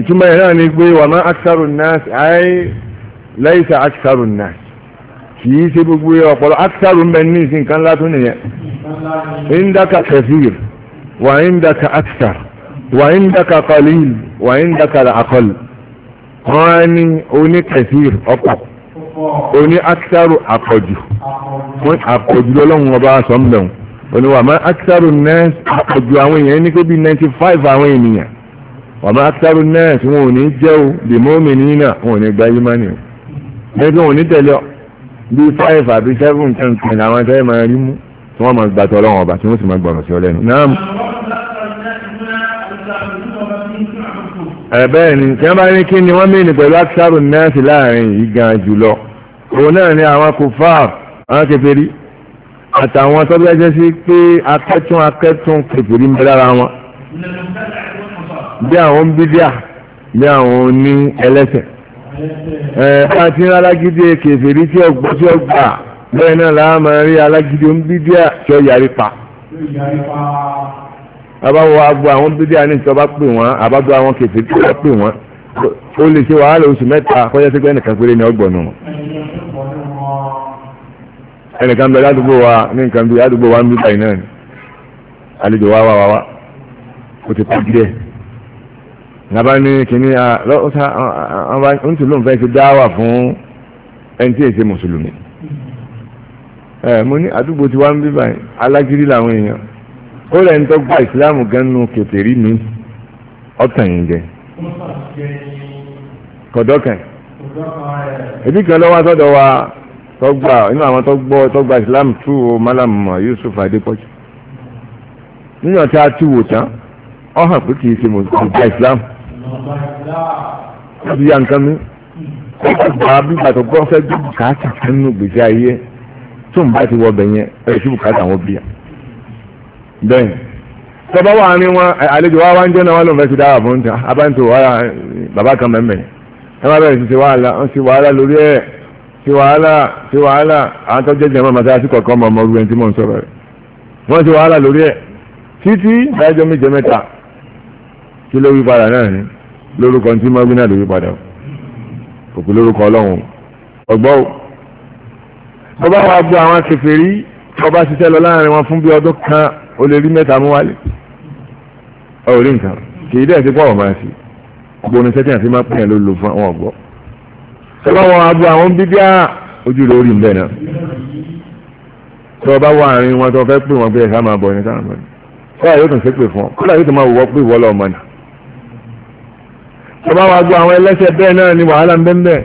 Speaker 1: ìtumọ̀ ẹ̀ náà ni pé wà má aksaru nas ayé lẹ́yìísà aksaru nas kì í ṣe gbogbo ọ̀pọ̀lọ aksaru ń bẹ ní ìsìn kan látún nìyẹn indaka kẹfìr wà indaka aksar wà indaka qalil wà indaka àkọlù wọ́n ní oní kẹfìr ọ̀pọ̀ oní aksaru àpọ̀jù àpọ̀jù lọ́lọ́run ọba sọ̀mbẹ̀hún oníwà má aksaru àpọ̀jù àwọn èèyàn ní kó bí ninety five àwọn ènìyàn ọmọ akitaru náà tí wọn ò ní jẹ́ o lè mọ́mì nínà wọn ò ní gba yí mánì o lẹ́gbẹ́ wọn ò ní tẹ̀lé ọ bí five àbí seven ten ten àwọn tẹ́lẹ̀ máa rí mú tí wọ́n máa gbàtọ̀ ọlọ́wọ́n ọba tí wọ́n sì máa gbọ̀rọ̀ sí ọ lẹ́nu. ẹ̀bẹ́ ni tí wọ́n bá ní kí ni wọ́n mìíràn pẹ̀lú akitaru náà sí láàrin yìí gan jùlọ òun náà ni àwọn kò fáà àwọn kèfèrí àtàwọn tó bẹ́ẹ̀ bí àwọn bídíà bí àwọn oní ẹlẹ́sẹ̀ ẹ̀ẹ́dá tí ń alágídí kèfèrí tí ọgbọ́ tí ọgbà bẹ́ẹ̀ náà láà máa rí alágídí oní bídíà tí ó yarí pa àbáwọ agbo àwọn bídíà ní ìjọba pè wọ́n àbájọ àwọn kèfèrí tí wọ́n pè wọ́n ó lè ṣe wàhálà oṣù mẹ́ta kọjá sí pé ẹnìkan péré ní ọgbọ̀n nù ẹnìkan bẹ ládùúgbò wa ní nǹkan bí ládùúgbò wa ń bí báyìí náà àlejò wa wá wá wá kò ti pa díẹ̀ nàbá ní kìíní àwọn tí lóun fẹ́ ti dáwà fún ẹni tí èsè mùsùlùmí ẹ mo ní àdúgbò tí wàá ń bí báyìí alágídí làwọn èèyàn ó lẹ́ni tó gba ìsìláàmù ganu kèfèrí mi ọ̀tàn yìí jẹ kọ̀dọ́kàn ebi kan lọ́wọ́ sọ́dọ̀ wa tó gba inú àwọn tó gbọ́ tó gba ìsìláàmù tú o malam Yusuf Adépọ̀jù níyàn tí a tú wò tán ọ̀hàn pé kì í ṣe mùsùlùmí gba ìsìláàmù ó ti yá nǹkan mi ó ti gbà á bí bàtọ̀ gbọ́ fẹ́ bí bùkátà kan nínú gbèsè ayé tó ń bá ti wọ bẹ̀yẹn ẹ̀ sí bùkátà wọn bí yà bẹ́ẹ̀ tọ́ba wà ní wọn àlejò wa wá ń jẹ́ náà wọn lòun fẹ́ ti dára fún ta abáǹtò wàhálà bàbá kan mẹ́mẹ́ ẹ má bẹ̀rẹ̀ sí ti wàhálà ó sì wàhálà lórí ẹ̀ ti wàhálà ti wàhálà àwọn tó jẹ́jẹ́ mọ́ màtá sí kọ̀ọ̀kan mọ́ ọmọ rúwẹ́ntì mọ́ ń sọ̀rọ̀ rẹ̀ wọ́n ti wàhálà lórí ẹ̀ títí dájọ́ méje mẹ́ta kí ló wí padà náà ni lórúkọ tí mọ́gbìn náà ló yí padà kò pé lórúkọ ọlọ́run ọgbọ́n o bọ́bá wa gbọ́ àwọn kèfèrí tọba ṣiṣẹ́ lọ láàrin wọn fún bí ọdún kan ó lè rí mẹ́ta mú wálé ọ̀rọ̀ rí nǹkan kì í dẹ̀ sí pọ̀ máa ṣe gbogbo ní sẹ́tìn àti máa pín ẹ̀ ló lò fún àwọn ọ̀gbọ́ tọ́ba wọn abo àwọn bíbíà ojú rẹ̀ orí mbẹ́ náà tọba wà àárín wọn tó fẹ́ pè wọn pé ẹ̀ka máa bọ̀ ní sáà bọ̀ ní kọ́lá yóò tún ṣépè fún ọ kọ́lá yóò tún máa wọ́ pé ìwọ́ lọ́ọ́ mọ̀ náà tọba wa gbọ́ àwọn ẹlẹ́sẹ̀ bẹ́ẹ̀ náà ni wàhálà ń bẹ́ẹ̀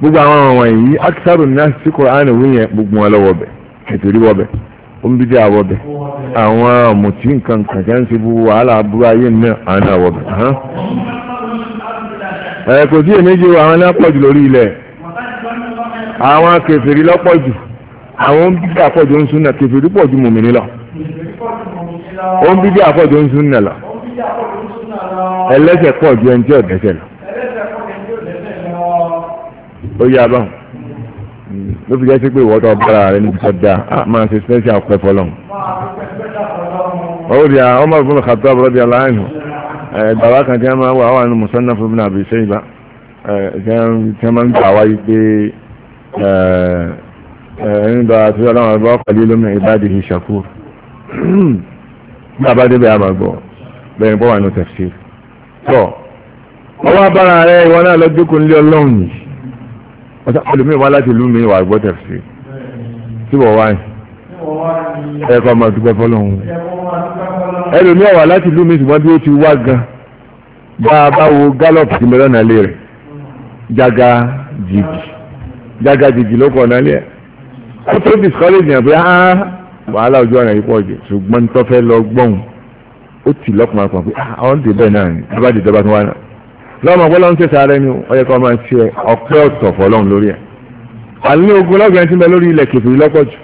Speaker 1: gbogbo àwọn àwọn yìí akisaru ní asisi koran wí yẹn gbogbo wọn lọ́wọ́ bẹ̀ ètò ìdíwọ́ bẹ̀ omididi àwọ̀ bẹ̀ àwọn mùtí nǹkan kàkẹ́ ń ṣe gbogbo wàhálà àbúrò ayé náà àná àwọ̀ bẹ̀ ẹ̀ kò sí èméjì àwọn náà pọ̀jù lórí ilẹ̀ àwọn kèfèrí lọ́pọ̀jù àwọn bíbí àpọ̀jù ń súnà kèfèrí pọ̀jù mùmìnì lọ òun àpọ̀jù ń súnà lọ ẹlẹ́ṣẹ̀ pọ̀ ju ẹni tí ò dẹ́ṣẹ̀ lọ. ó yá báwọn ló fi jẹ́ sí pé ìwọ́ tó bára rẹ níbi tó dáa á máa ṣe special pẹ́ fọlọ́n. ó rí a Umar ibn Khattab radiyallahu anhu bàbá kan tí wọ́n máa wà wà ní Musannaf ibn Abi Shayba tí wọ́n máa ń gbà wáyé pé ẹ̀ẹ́n bá a ti rọ́ àwọn ọgbọ́n pẹ̀lú lómi ibadihi shakur. bí a bá débẹ̀ a bẹ́ẹ̀ ni bọ́wà ní tafsir tọ́ ọwọ́ abára rẹ ìwọ náà lọ jókòó nílé ọlọ́run yìí ọ̀tá ẹlòmíì wá láti ìlú mi wà gbọ́ tẹ̀sí tí wọ́n wá ẹ kọ́ máa dúpẹ́ fọlọ́run ẹlòmíì wà láti ìlú mi ṣùgbọ́n bí ó ti wá gan bá a bá wo gallop ti mẹ́rọ̀ náà lé rẹ̀ jága jìjì jága jìjì ló kọ̀ náà lé ẹ̀ ó tó discourage yẹn pé wàhálà ojú ọ̀nà yìí pọ̀ jù ṣùgbọ́n tó fẹ́ lọ gbọ́n ó tì lọ́kùnrin kan pé ah, àwọn dè bẹ́ẹ̀ náà ni bàbá dè dọ́gba tó wá náà lọ́mọ gbọ́dọ̀ ń tẹ̀sà rẹ ni ó yẹ kó máa ṣe ọpẹ́ ọ̀tọ̀ fọlọ́run lórí ẹ̀ àní ogun lọ́gbẹ̀ẹ́ ti bẹ lórí ilẹ̀ kẹfìrí lọ́pọ̀ jù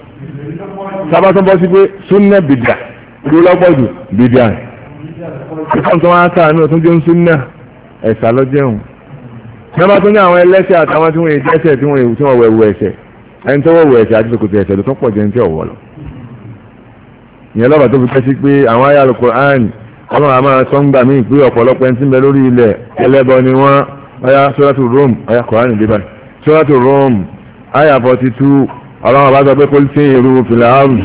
Speaker 1: sábà tó bọ́ sí pé súnà bìdà ìlú lọ́pọ̀ jù bìdà ìfọ̀n tó wá sáà náà tó jẹun súnà ẹ̀sà lọ́jẹun sábà tó ní àwọn ẹlẹ́sẹ̀ àtàwọn tí wọ́n èdè ẹsẹ̀ tí wọ́n èwù tí wọ́n wẹ̀wù ẹsẹ̀ ẹni ìyẹn lọ́ba tó fi pẹ́ sí pé àwọn ayé alukur'an ọlọ́run a máa sọ ń gbà míì pé ọ̀pọ̀lọpọ̀ ẹni tí ń bẹ lórí ilẹ̀ ẹlẹ́bọ ni wọ́n ayá sọ́ràtù rom ayá kùránì débà sọ́ràtù rom ayá forty two ọlọ́run ọba sọ pé kó ṣe irú fìlà áàrù.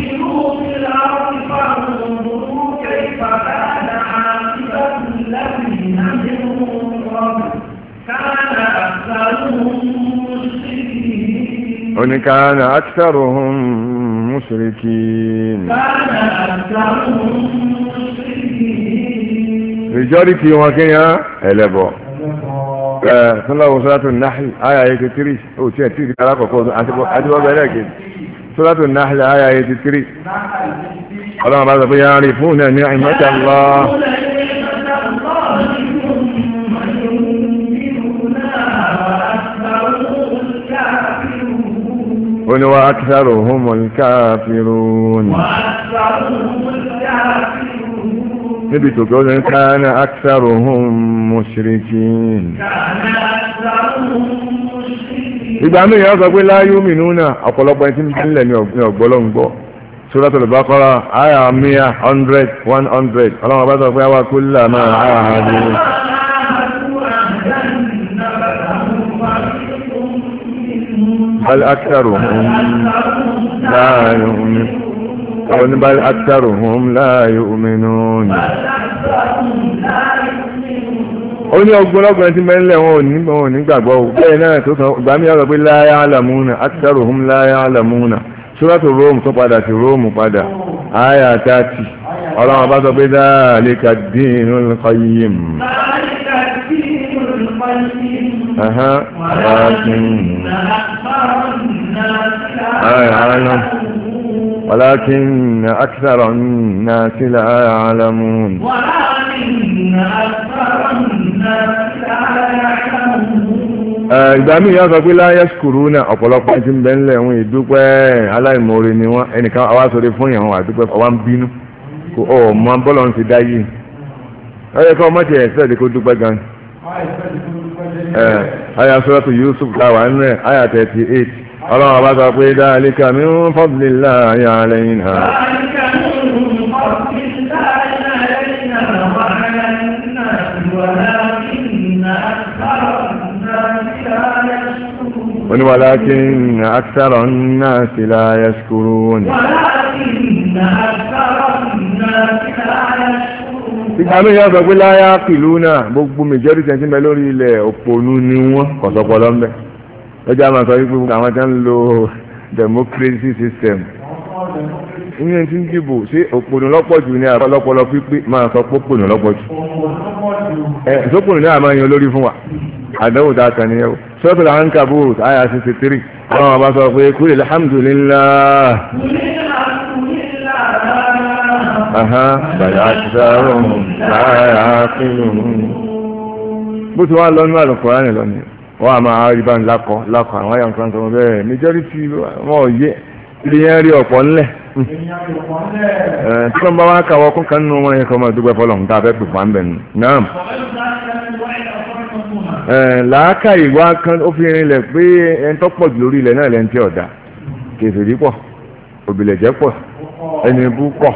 Speaker 1: oníkàánà akitaruhun المشركين رجالي في وكيا ألبو صلى الله وصلاة النحل آية آية تتري أو تتري تلاقوا قوضوا أتبو أتبو بلاكين صلاة النحل آية آية تتري الله ماذا يعرفون نعمة الله ó ní wá akitaro humul kafirun níbi tòkè ó ní káàna akitaro hum mushrikin
Speaker 2: ìgbà míì yẹn sọ pé
Speaker 1: la yu'minuna ọ̀pọ̀lọpọ̀ ẹni tí ń lẹ̀ ní ọ̀gbọ́lọ́hún gbọ́ suratul baqara àyà míà hundred one hundred ọlọ́run ọba sọ pé àwa kullama àhàdùn. bal aktharuhum la yu'minun àwọn ní bal aktharuhum la yu'minun ó ní ọgbọ́lọ́gbọ́n tí mẹ́lẹ̀ wọn ò ní gbàgbọ́ bẹ́ẹ̀ náà tó sọ ìgbà mí ọ̀rọ̀ pé la ya'lamuna aktharuhum la ya'lamuna suratu Rum tó padà sí Rum padà áyà 30 ọlọ́run bá sọ pé dhalika ad-dinul qayyim
Speaker 2: Aha! ولكن أكثر الناس
Speaker 1: ولكن أكثر الناس لا يعلمون ولكن pé láyé ṣùkúrú náà ọ̀pọ̀lọpọ̀ ti ń bẹ wọn ìdúpẹ́ aláìmoore ni wọ́n ẹnìkan fún ìyàwó àdúpẹ́ ọwá ń bínú kò ọ̀ bọ́lọ̀ ń ti dá yìí kọ́ ọmọ dúpẹ́ gan-an. àyà suratu Yusuf táwà nínú ẹ̀ àyà 38 ọlọ́run bá sọ pé dhalika min fadlillahi alayna. ولكن أكثر الناس لا يشكرون ولكن أكثر الناس
Speaker 2: ìgbà mi yọ sọ
Speaker 1: pé láyà kìlú náà gbogbo mẹjọrí sẹńtì mẹ lórí ilẹ̀ òpònú ni wọ́n kọ̀sọ́pọ̀lọ́ mbẹ́ lọ́jọ́ àmà sọ wípé àwọn tí ń lo democracy system ìyẹn ti ń dìbò ṣé òpònú lọ́pọ̀ jù ní àlọ́pọ̀lọ́ pípé máa sọ pé òpònú lọ́pọ̀ jù ẹ náà máa yan olórí fún wa àdánwò tá a kàn níyẹn o sọ́tò àǹkà bóòtù àyà sixty three wọ́n máa sọ pé kúrè alhamdulillah.
Speaker 2: Aha, àṣìṣàrò láàrá
Speaker 1: pínlẹ̀ bó ti wá lọ́nú àlùkùránì lọ́nà wọ́n a máa rí bá ń lákọ̀ lákọ̀ àwọn àyàn kan tọmọ bẹ́ẹ̀ majority wọn ò yẹ ilé yẹn rí ọ̀pọ̀ ńlẹ̀ tí wọ́n bá wá kàwọ́ kún kan nínú wọn yẹn kọ́ máa dúpẹ́ fọlọ́ níta fẹ́ pè fún àmbẹ̀ náà làákà ìwà kan ó fi rinlẹ̀ pé ẹni tó pọ̀ jù lórí ilẹ̀ náà lẹ́ni tí ọ̀dà kèfèrí pọ̀ òbílẹ̀jẹ́ pọ̀ ẹni bú pọ̀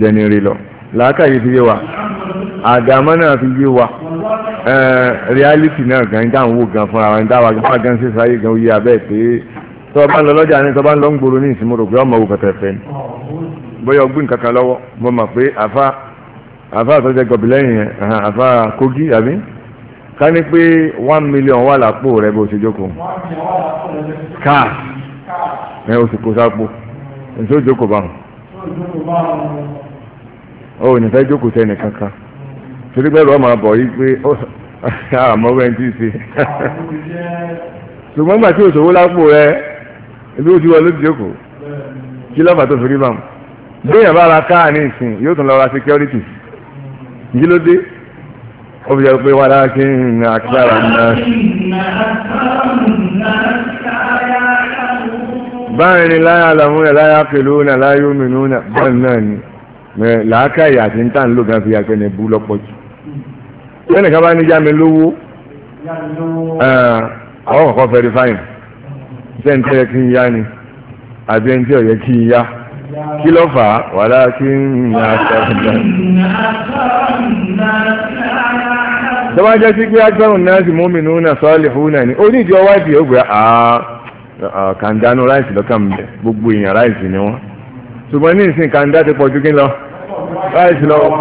Speaker 1: jẹniri lọ làákàyè fi yé wa àdàmọ́ náà fi yé wa reality náà gan ní táwọn wò gan fúnra wa ní táwọn agbára gan ṣe sáyé gan oyè abẹ́ pé tọ́ bá ń lọ lọ́jà ní tọ́ bá ń lọ ń gbòòrò ní ìsinmi rò pé ọmọ òwò kẹtẹ fẹ́ ni bóyá ọgbìn kankan lọ́wọ́ mo mọ̀ pé àfa àfa àtọ́jẹ gọ̀bì lẹ́yìn yẹn àfa kogi àbí ká ní pé one million wà lápò rẹ bó ṣe jókòó cash ẹ o sì kó sápò ẹ ṣó jókòó báwọn ó ní fẹ́ jókòó sẹ́ni kankan torí pẹ́lú ọmọ àbọ̀ yìí pé àmọ́ wẹ́n tí ì ṣe ṣùgbọ́n gbà tí ò sówó lápò rẹ ibi ó ti wọ ló ti jókòó kí lọ́fà tó fi rí bàm béèyàn bá ra káà ní ìsìn yóò tún lọ ra security yìí ló dé ó fi jẹ́ pé wà lára kí n nà kílára náà. báyìí ni láyà àlàmúnà láyà pẹ̀lú náà láyà òmìnira báyìí náà ni làákàyè àti ń tàn ló gan fi yàgbẹ́ ní bú lọ́pọ̀ jù lẹ́nu kan bá yá mi lówó àwọn kọ̀ọ̀kan fẹ́ẹ́ rí fáyìn ṣé ń tẹ́ kí n yá ni àbí ẹni tí ò yẹ kí n yá kí ló fà á wàhálà kí n yà sẹ́kùndà. tọ́wọ́ jẹ́ sí pé agbẹ́rùn náà sì mú mi nù náà sọ́ọ́lì fún náà ni ó ní ìdí ọwọ́ ìdí ó gbé kàńdánù ráìsì lọ́kàn mi gbogbo èèyàn ráìsì ni wọ́n ṣùgbọ́n ní ìsìn kàńdá ti pọ̀ ju kí lọ. báyìí sí lọ́wọ́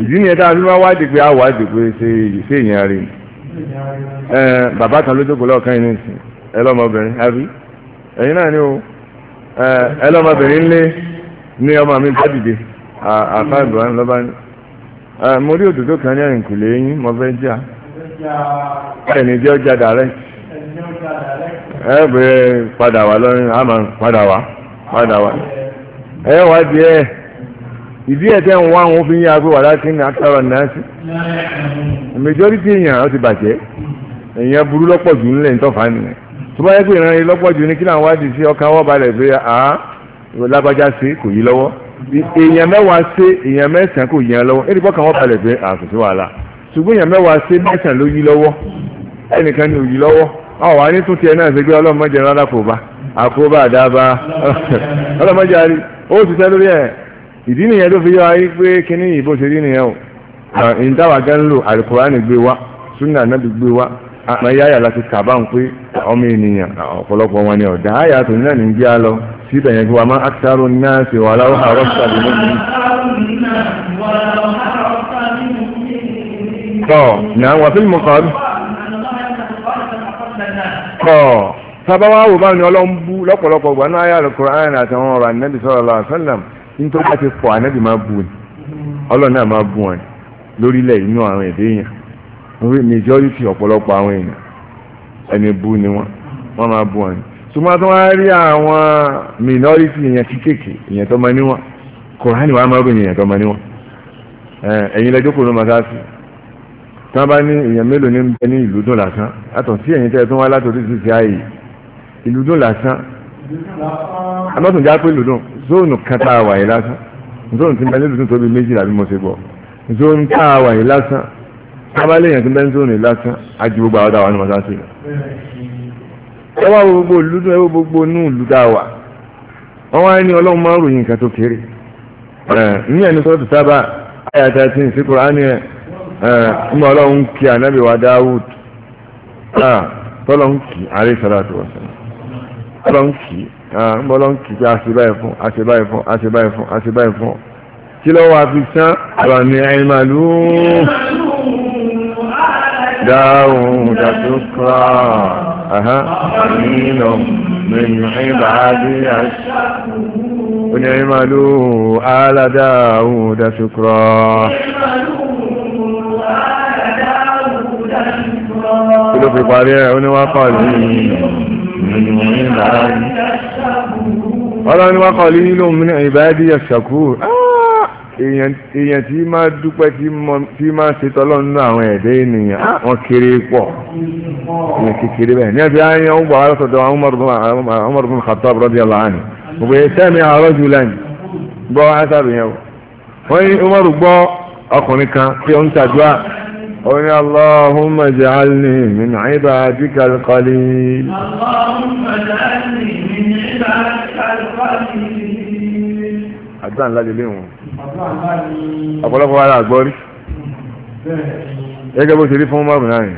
Speaker 1: ìdí nìyẹn tá a fi máa wádìí pé a wádìí pé ṣe ṣe èèyàn rí bàbá kan ló jókòó lọ́ọ̀kan yìí nìyẹn ẹlọ́mọbìnrin àbí ẹ̀yin náà ni o ẹlọ́mọbìnrin lé ní ọmọ mi bá dìde àfa Ibrahim lọ́ba ní mo rí òdòdó kan ní ẹ̀yìnkùlé yín mo fẹ́ jà
Speaker 2: ẹni jẹ́ ọjà dàrẹ́
Speaker 1: ẹ bẹ̀rẹ̀ padà wà lọ́rin àmà padà wà. padà wá ẹ wá ìdí ẹ̀ tẹ́ ń wá àwọn òfin yára pé wàdá kí ní àtàrà náà sí majority èèyàn ó ti bàjẹ́ èèyàn burú lọ́pọ̀ jù ńlẹ̀ ń tọ́fà nìyẹn tó bá yẹ pé ìran yìí lọ́pọ̀ jù ní kí làwọn wádìí sí ọkàn wọ́n balẹ̀ pé à lágbájá sí kò yí lọ́wọ́ èèyàn mẹ́wàá sí èèyàn mẹ́sàn-án kò yí lọ́wọ́ ẹni bọ́kàn wọ́n balẹ̀ pé àkò sí wàhálà ṣùgbọ́n èèyàn mẹ́wàá sí mẹ́sàn-án ló yí lọ́wọ́ ẹnìkan ni ò yí lọ́wọ́ àwọn àní tún tiẹ̀ náà ṣe gbé ọlọ́mọdé rárá kò bá àkóbá àdábá ọlọ́mọdé àrí ó ti sẹ́ lórí ẹ̀ ìdí nìyẹn tó fi yọ ayé pé kíní yìí bó ṣe rí nìyẹn o ìdáwà gan lò alukurani gbé wa sunna anabi gbé wa àmọ́ yáyà láti kàbá ń pé ọmọ ènìyàn ọ̀pọ̀lọpọ̀ wọn ni ọ̀dà àyà tó ní náà ní gbé a lọ síbẹ̀ yẹn kí wọ́n máa akitaro náà ṣe wà láwọ́ àrọ́ sàbí lónìí.
Speaker 2: tọ́ náà wà fílmù kan tọ́
Speaker 1: sábà wà wò báwọn ni ọlọ́run lọ́pọ̀lọpọ̀ gbanáà yà lọ́kùnrin àyàn àtàwọn ọ̀rọ̀ nítorí bá ti fọ ànábì máa bù ní ọlọ́run náà máa bù wọn lórílẹ̀ inú àwọn èdè èèyàn orí majority ọ̀pọ̀lọpọ̀ àwọn èèyàn ẹni bú ni wọn wọn máa bù wọn ṣùgbọ́n tó máa rí àwọn minority èèyàn kéékèèké èèyàn tó máa ní wọn kòránì wàá máa ròyìn èèyàn tó máa ní wọn ẹ̀yin lẹ́jọ́ kò ló máa sáàsì tí wọ́n bá ní èèyàn mélòó ní bẹ ní ìlú dùn lásán àtọ̀ sí ẹ̀yin tẹ́ tó wá látòrí sí ti ààyè ìlú dùn lásán àmọ́tòǹjà pé ìlú dùn zóònù kata tá a wà yìí lásán zóònù tí mẹ́lẹ́dù tó tóbi méjìlá bí mo ṣe ilasa zóònù gbogbo ẹ wá gbogbo ìlú ẹ wá gbogbo inú ìlú tá a wá ní ọlọ́run máa ń ròyìn nǹkan tó kéré ní ẹni sábà àyà sí ọmọ ọlọ́run kí wa Ah, ń bọ́ lọ́n kìkì àṣebáyé fún àṣebáyé fún àṣebáyé fún àṣebáyé fún kí ló wàá fi sán àbà ní àìmàlú
Speaker 2: dáhùn
Speaker 1: dàtúkọ́ àmínà mẹ́yìn àìbàdí àṣà òní àìmàlú àládáhùn dàtúkọ́.
Speaker 2: kí ló fi parí ẹ̀ ó ní wá pàdé
Speaker 1: nínú ìlànà ọlọ́run wá kọ́ lílò mí náà ìbáyé ṣàkúrò èèyàn tí máa dúpẹ́ tí máa ṣe tọ́lọ́run nínú àwọn ẹ̀dẹ́ ènìyàn wọn kéré pọ̀ èèyàn kékeré bẹ́ẹ̀ ní ẹ̀fẹ́ ayé wọn gbà wá lọ́sọ̀dọ̀ Umar bin Khattab radiyallahu anhu gbogbo ẹ̀ sẹ́mi rajulan gbọ́ asábìyàn wọ́n ní Umar gbọ́ ọkùnrin kan tí ó ń ṣàdúrà قل اللهم اجعلني من عبادك القليل
Speaker 2: اللهم اجعلني من عبادك القليل
Speaker 1: àdúrà ńlá lélẹ́ wọn ọ̀pọ̀lọpọ̀ ara àgbọ́rí gẹ́gẹ́ bó ṣe rí fún márùn náà yẹn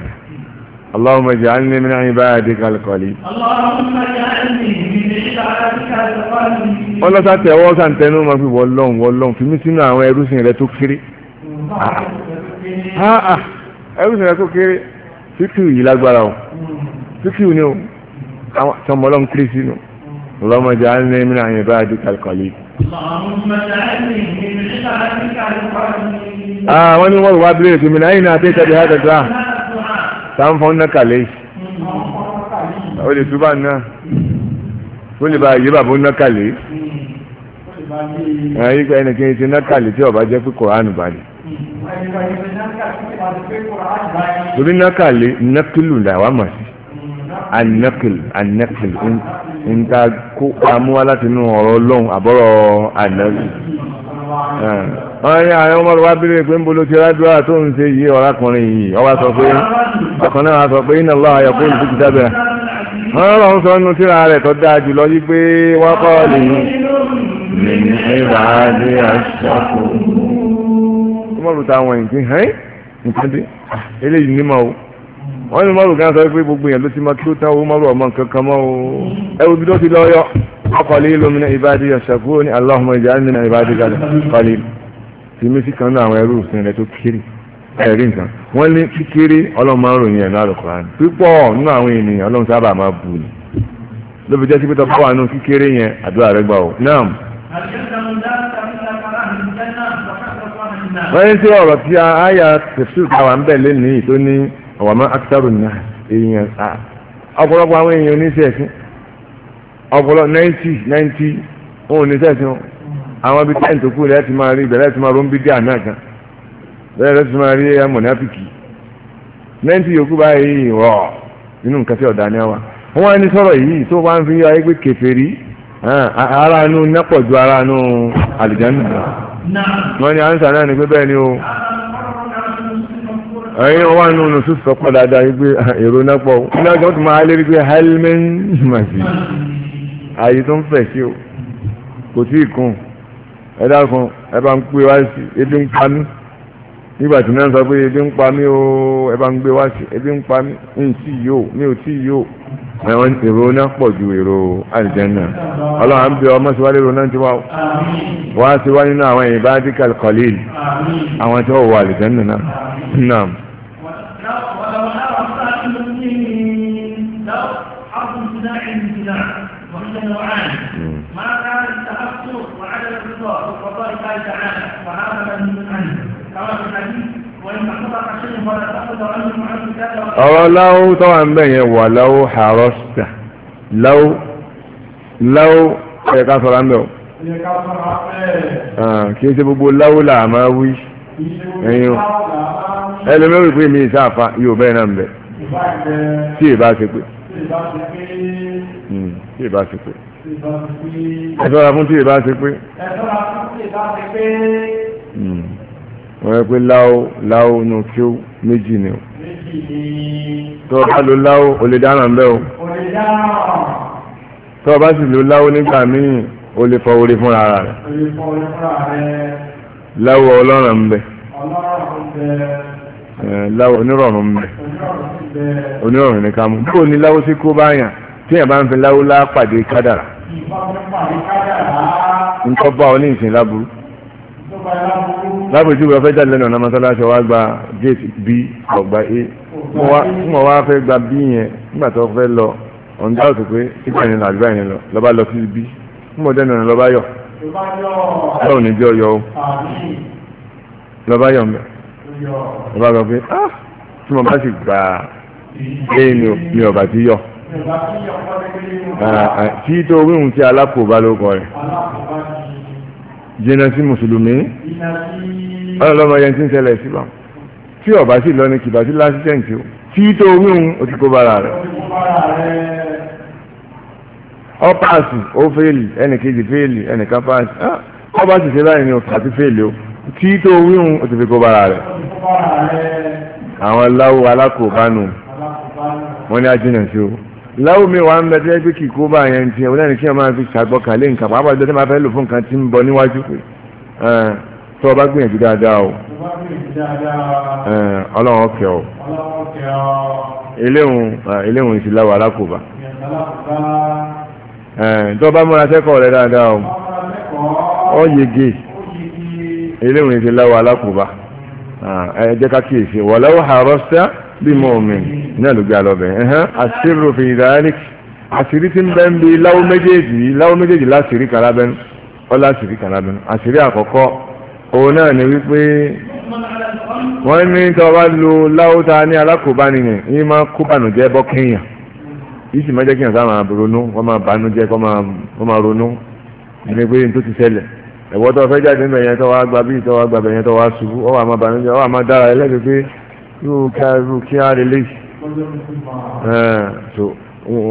Speaker 1: اللهم اجعلني من عبادك القليل
Speaker 2: اللهم اجعلني من عبادك القليل
Speaker 1: ọlọ́sà tẹ̀wọ́ sàǹtẹ̀nú máa fi wọ́lọ́n wọ́lọ́n fi mí sínú àwọn ẹrúsìn rẹ tó kéré ẹrú sẹ̀rẹ̀ tó kéré fíkìú yìí lágbára o fíkìú ni o sọmọ ọlọ́run kiri sínú ọlọ́mọdé á ní mímú àyìn bá di kàlùkàlì. àwọn ah, ni wọ́n wá bílẹ̀ tó mi náà yìí náà tẹ́ tẹ́lẹ̀ hàtẹ́ tó a sáńfọ́n náà kàlẹ́ yìí lè túbà náà ó lè bá yé bàbá ó ná kàlẹ́ yìí ẹnìkan ti ná kàlẹ́ tí ọba jẹ́ pé kòránù balẹ̀. torí nákàlẹ̀ nákìlù làwa mọ̀ nta kó amúwa láti ọ̀rọ̀ àbọ̀rọ̀ àwọn wa bèrè pé ń bolo ti tó ń ṣe yìí ọ̀rákùnrin yìí ọba sọ pé ọkàn náà sọ pé iná lọ́wọ́ ayọ̀ kó lùdí ti dábẹ̀rẹ̀ wọ́n lọ ń sọ nínú rẹ̀ tó dáa yí pé wọ́n kọ́ Umaru táwọn ẹ̀ǹkì hẹ́n nǹkan dé eléyìí nímọ̀ o wọ́n ní Umaru kan sọ pé gbogbo yẹn ló ti máa kí ó tán o ọmọ nǹkan kan mọ́ o ẹ̀rù bí tó ti lọ ọkọ̀lẹ́ ìlú mi ní ìbádìí ọ̀ṣàkúrò ní Allahumma ij'alni min ibadika o qalil tìmí sí kan náà àwọn ẹrú òfin rẹ tó kéré ẹ̀rí nǹkan wọ́n ní kékeré ọlọ́run máa
Speaker 2: wọ́n tí ọ̀rọ̀
Speaker 1: tí àyà tẹ̀síù táwa ń bẹ̀ lẹ́nu yìí tó ní ọ̀wàmọ́ akitárò náà èèyàn ọ̀pọ̀lọpọ̀ àwọn èèyàn oníṣẹ́ẹ̀sìn ọ̀pọ̀lọpọ̀ náìtì náìtì wọn oníṣẹ́ẹ̀sìn wọn àwọn ibi tẹ́ǹt tó kú rẹ̀ ti máa rí bẹ̀rẹ̀ ti máa rún bídí kan bẹ̀rẹ̀ ti máa rí amọ̀nàfíkì náìtì yòókù báyìí rọ̀ nínú nǹkan tí ọ̀dà ni wa wọ́n á ní sọ̀rọ̀ ara àlìjánu wọ́n ní ansa náà ni pé bẹ́ẹ̀ ni o ẹ̀yin wà nínú nùsù sọ pọ̀ dáadáa yìí pé ah, èrò náà pọ̀ ní ọjọ́ tó máa lérí pé helmen màsí ààyè tó ń fẹ̀ sí o kò tí ì kún ẹ dákun ẹ bá ń pè wá sí ebi ń pa mí nígbà tí náà sọ pé ebi ń pa mí o ẹ bá ń gbé wá sí ebi ń pa mí n tí yóò mi ò tí yóò àwọn èrò náà pọ̀ ju èrò àlìjẹ́nà ọlọ́run à ń bẹ ọmọ síwájú èrò náà ti wá wá síwájú nínú àwọn èyí bá díkà kọ́líìlì àwọn tí wọ́n wọ àlìjẹ́nà náà náà.
Speaker 2: ما hmm ọ̀rọ̀
Speaker 1: láwó tó wà ń bẹ̀ yẹn wà láwó àrọ́sà láwó láwó ẹ̀ka sọ̀rọ̀ ń bẹ̀ o ah, kì í ṣe gbogbo láwó là máa wí ẹ̀yin o pé mi ìsáàfà yóò bẹ́ẹ̀ náà ń bẹ̀ tí ìbá ṣe pé hmm, tí ìbá ṣe pé ẹ fún tí ìbá ṣe pé ẹ fún
Speaker 2: tí ìbá ṣe pé.
Speaker 1: Hmm wọ́n yẹ pé láwó láwó nù kí ó méjì ni o
Speaker 2: tó bá lo láwó
Speaker 1: o lè dáná mbẹ́ o tó bá sì lo láwó nígbà míì o lè fọ orí fúnra rẹ̀ láwó ọlọ́run mbẹ́ láwó onírọ̀rùn mbẹ́
Speaker 2: onírọ̀rùn ní kámú bó ni
Speaker 1: láwó sí kó bá yàn tí yàn bá ń fi láwó lápàdé kádàrà nǹkan bá ọ ní ìsìn láburú lápèjú ìwé ọ̀fẹ́ jáde lẹ́nu ọ̀nà mọ́sálásí wa gba gate b ọ̀gbà a mo wá fẹ́ gba b yẹn nígbà tó fẹ́ lọ ọ̀n dá òtún pé ìgbà yẹn lọ àdúrà yẹn lọ lọ́ba lọ sí b mo dẹ́nu ọ̀nà lọ́ba yọ
Speaker 2: lọ́wọ́ ní jẹ́ ọyọ o
Speaker 1: lọ́ba yọ mẹ́ lọ́ba sọ pé ah tí mo bá sì gbà á ee mi ò bá ti yọ tí tó wíhun tí alákòóbá ló kọ rẹ̀ jìnnà sí mùsùlùmí ọlọ́mọ yẹn ti ń ṣẹlẹ̀ síbà tí ọba sì lọ ní kìbá sí lásìtẹ̀ǹtì o tí tó wíhun o ti kó bara rẹ̀ ọ paasi ó fẹ́ẹ̀lì ẹnì kejì fẹ́ẹ̀lì ẹnì kan paasi ọba sì ṣe báyìí ni o àti fẹ́ẹ̀lì o tí tó wíhun o ti fi kó bara rẹ̀ àwọn aláwo alákòóbánu wọn ni a jìnnà sí o láwùmí wa ń bẹ tí ẹ pé kì í kó bá yẹn ti ẹ wọn lẹ́nu kí ẹ máa fi ṣàgbọ́kàlé nǹkan pàápàá jọ tí máa fẹ́ lò fún nǹkan tí ń bọ níwájú pé tó o bá gbìyànjú dáadáa o ọlọ́run ọkẹ́ o eléhùn eléhùn alákòóbá tó o múra sẹ́kọ̀ọ́ rẹ dáadáa o ọ yege eléhùn ìsìláwọ̀ alákòóbá ẹ jẹ́ ká kíyèsí wọ́n àrọ́sẹ́ bí mọ́ọ̀mìn náà ló gbà lọ́bẹ̀ ẹ̀hán àṣírò fi ìdáríkì àṣírí tí ń bẹ́ ń bi láwọ́ méjèèjì láwọ́ méjèèjì láṣírí kan lábẹ́nu ọ́ láṣírí kan lábẹ́nu àṣírí àkọ́kọ́ òun náà ni wípé wọ́n ní tọ́ bá lo láwọ́ ta ní alákòóbáni yẹn yín máa kó bànújẹ́ bọ́ kéèyàn yìí sì máa jẹ́ kéèyàn sáà máa ronú wọ́n máa bànújẹ́ kọ́ máa ronú ẹni pé n tó ti ṣẹlẹ̀ ẹ̀wọ́ tó fẹ́ jáde níbẹ̀ yẹn tó wá gbà bí tó wá gbà bẹ̀ yẹn tó wá ṣubú ọ wà máa bànújẹ́ ọ wà máa dára ẹlẹ́gbẹ̀ẹ́ irú kẹrù kí á lélẹ̀ eh, so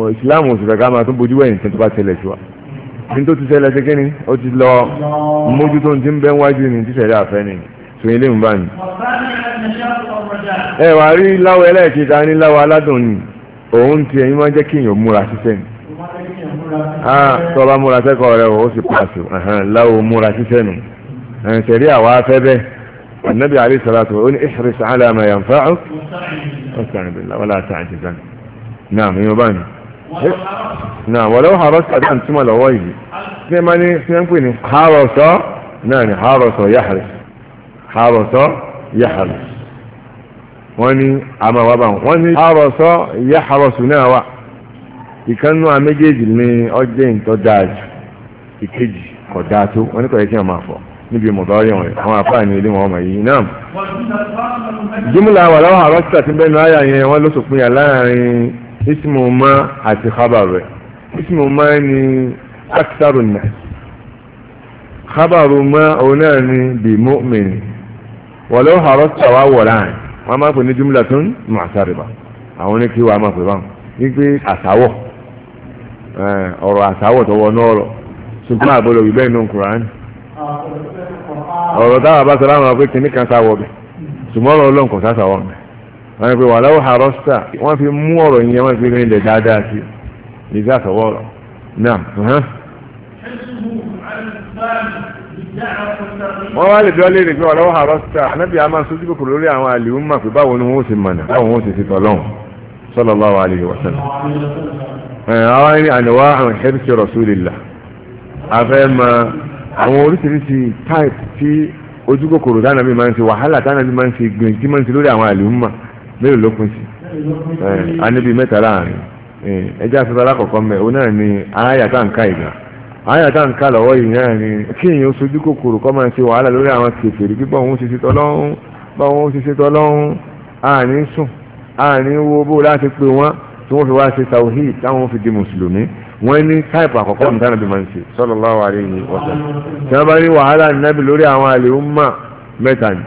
Speaker 1: ìsìláàmù oṣù fẹ́ ká máa tún bójú wẹ̀yìn tó bá ṣẹlẹ̀ sí wa ní tó ti ṣẹlẹ̀ sí kí ni ó ti lọ mójútó ní ti ń bẹ́ wájú ni ti ṣẹlẹ̀ àfẹ́ ni so ilé ń bá ni. ẹ wàá rí láwọ ẹlẹ́ẹ̀kẹta ní láwọ aládùn ni òun ti ẹ̀yin máa jẹ́ kí èèyàn múra ṣiṣẹ́ ni
Speaker 2: ah, tọ́ba
Speaker 1: múra sẹ́kọ̀ọ́ rẹ̀ ó sì pàṣẹ láwọ múra ṣiṣẹ́ nu ṣẹ̀rí àwa afẹ́ bẹ́ẹ̀. النبي عليه الصلاة والسلام احرص على ما ينفعك واستعن بالله ولا تعجز نعم يبان نعم ولو حرصت أن تمل ويجي سيماني سيمكني حرص نعم حرص يحرص حرص يحرص واني أما وابا واني حرص يحرص ناوى يكن أمجيز من أجدين تداج يكيج قداتو واني كو يكيما فوق níbi mọ̀dọ́rìn rẹ̀ àwọn àfáàní ilé wọn ọmọ yìí náà.
Speaker 2: jùmùlà wà láwọn
Speaker 1: àrọ́sítà tí bẹ́ẹ̀ ní àyà yẹn wọ́n ló sòpin yà láàrin ismu ma àti khabar rẹ̀ ismu ma ni akitaru nà khabaru ma òun náà ni bi mu'min wà láwọn àrọ́sítà wà wọ̀ láàrin wọ́n máa pè ní jùmùlà tó ń mọ̀ àtàrìbà àwọn oníkì wa máa pè báwọn wípé àtàwọ̀ ọ̀rọ̀ àtàwọ̀ tó wọ náà rọ̀ ṣùgbọ́n àbọ̀lọ̀ wíbẹ̀ nù ọ̀rọ̀ táwọn bá sọ láwọn pé kìnnì kan sáwọ́ bẹ̀ ṣùgbọ́n ọ̀rọ̀ ọlọ́run kò sáṣàwọ́ bẹ̀ wọ́n ní pé wà láwọ́ àrọ́sà wọ́n fi mú ọ̀rọ̀ yẹn wọ́n fi rinlẹ̀ dáadáa sí ìdí àsọwọ́ ọ̀rọ̀ náà.
Speaker 2: wọ́n wá lè dúró léèrè pé wà láwọ́
Speaker 1: àrọ́sà anábì àmà sojú kòkòrò lórí àwọn àlìwú mà pé báwo ni wọ́n ti mọ̀nà báwo wọ́n ti ti tọ̀ lọ́hùn sallallahu alayhi wa sallam. àwọn àníwá àwọn ìṣẹ́ àwọn oríṣiríṣi type tí ojú kòkòrò dáná mi máa ń ṣe wàhálà dáná mi máa ń ṣe gbìn tí máa ń ṣe lórí àwọn àlùmọ́ mélòó ló pin sí anibi mẹ́ta láàrin ẹjẹ́ afẹ́fẹ́ alákọ̀ọ́kọ́ mẹ́ o náà ni àáyà tá à ń ká ìgbà àáyà tá à ń ká lọ́wọ́ yìí náà ni kí èèyàn sojú kòkòrò kọ́ máa ṣe wàhálà lórí àwọn kèfèrí pípọ̀ òun ṣe ṣe tọ́lọ́hún bá òun ṣe ṣe tọ́lọ́hún àní sùn àní wo bó láti pè wọ́n tí wọ́n fi wá ṣe tawhid táwọn fi di mùsùlùmí wọ́n ní táìpù àkọ́kọ́ ní tánàbí máa ń ṣe sallallahu alaihi wa sallam tí wọ́n bá ní wàhálà nábì lórí àwọn àlèhùnmá mẹ́ta ni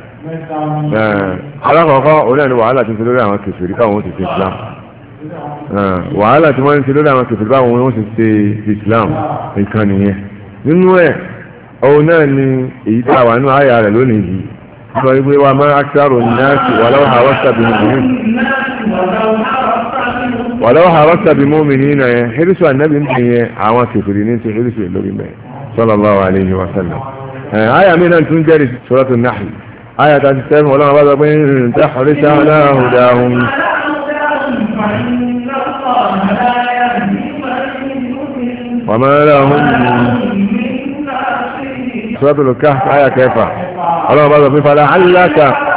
Speaker 1: alákọ̀ọ́kọ́ òun náà ni wàhálà ti ń ṣe lórí àwọn kèfèrí káwọn ti ṣe Islam wàhálà tí wọ́n ń ṣe lórí àwọn kèfèrí ولو حرصت بمؤمنين حرص النبي نحن عوات فرينين حرص اللي بما صلى الله عليه وسلم آه، آية من أن تنجري سورة النحل آية تنسل ولا غضب تحرص على هداهم
Speaker 2: وما لهم
Speaker 1: سورة الكهف آية كيف ولا غضب فلعلك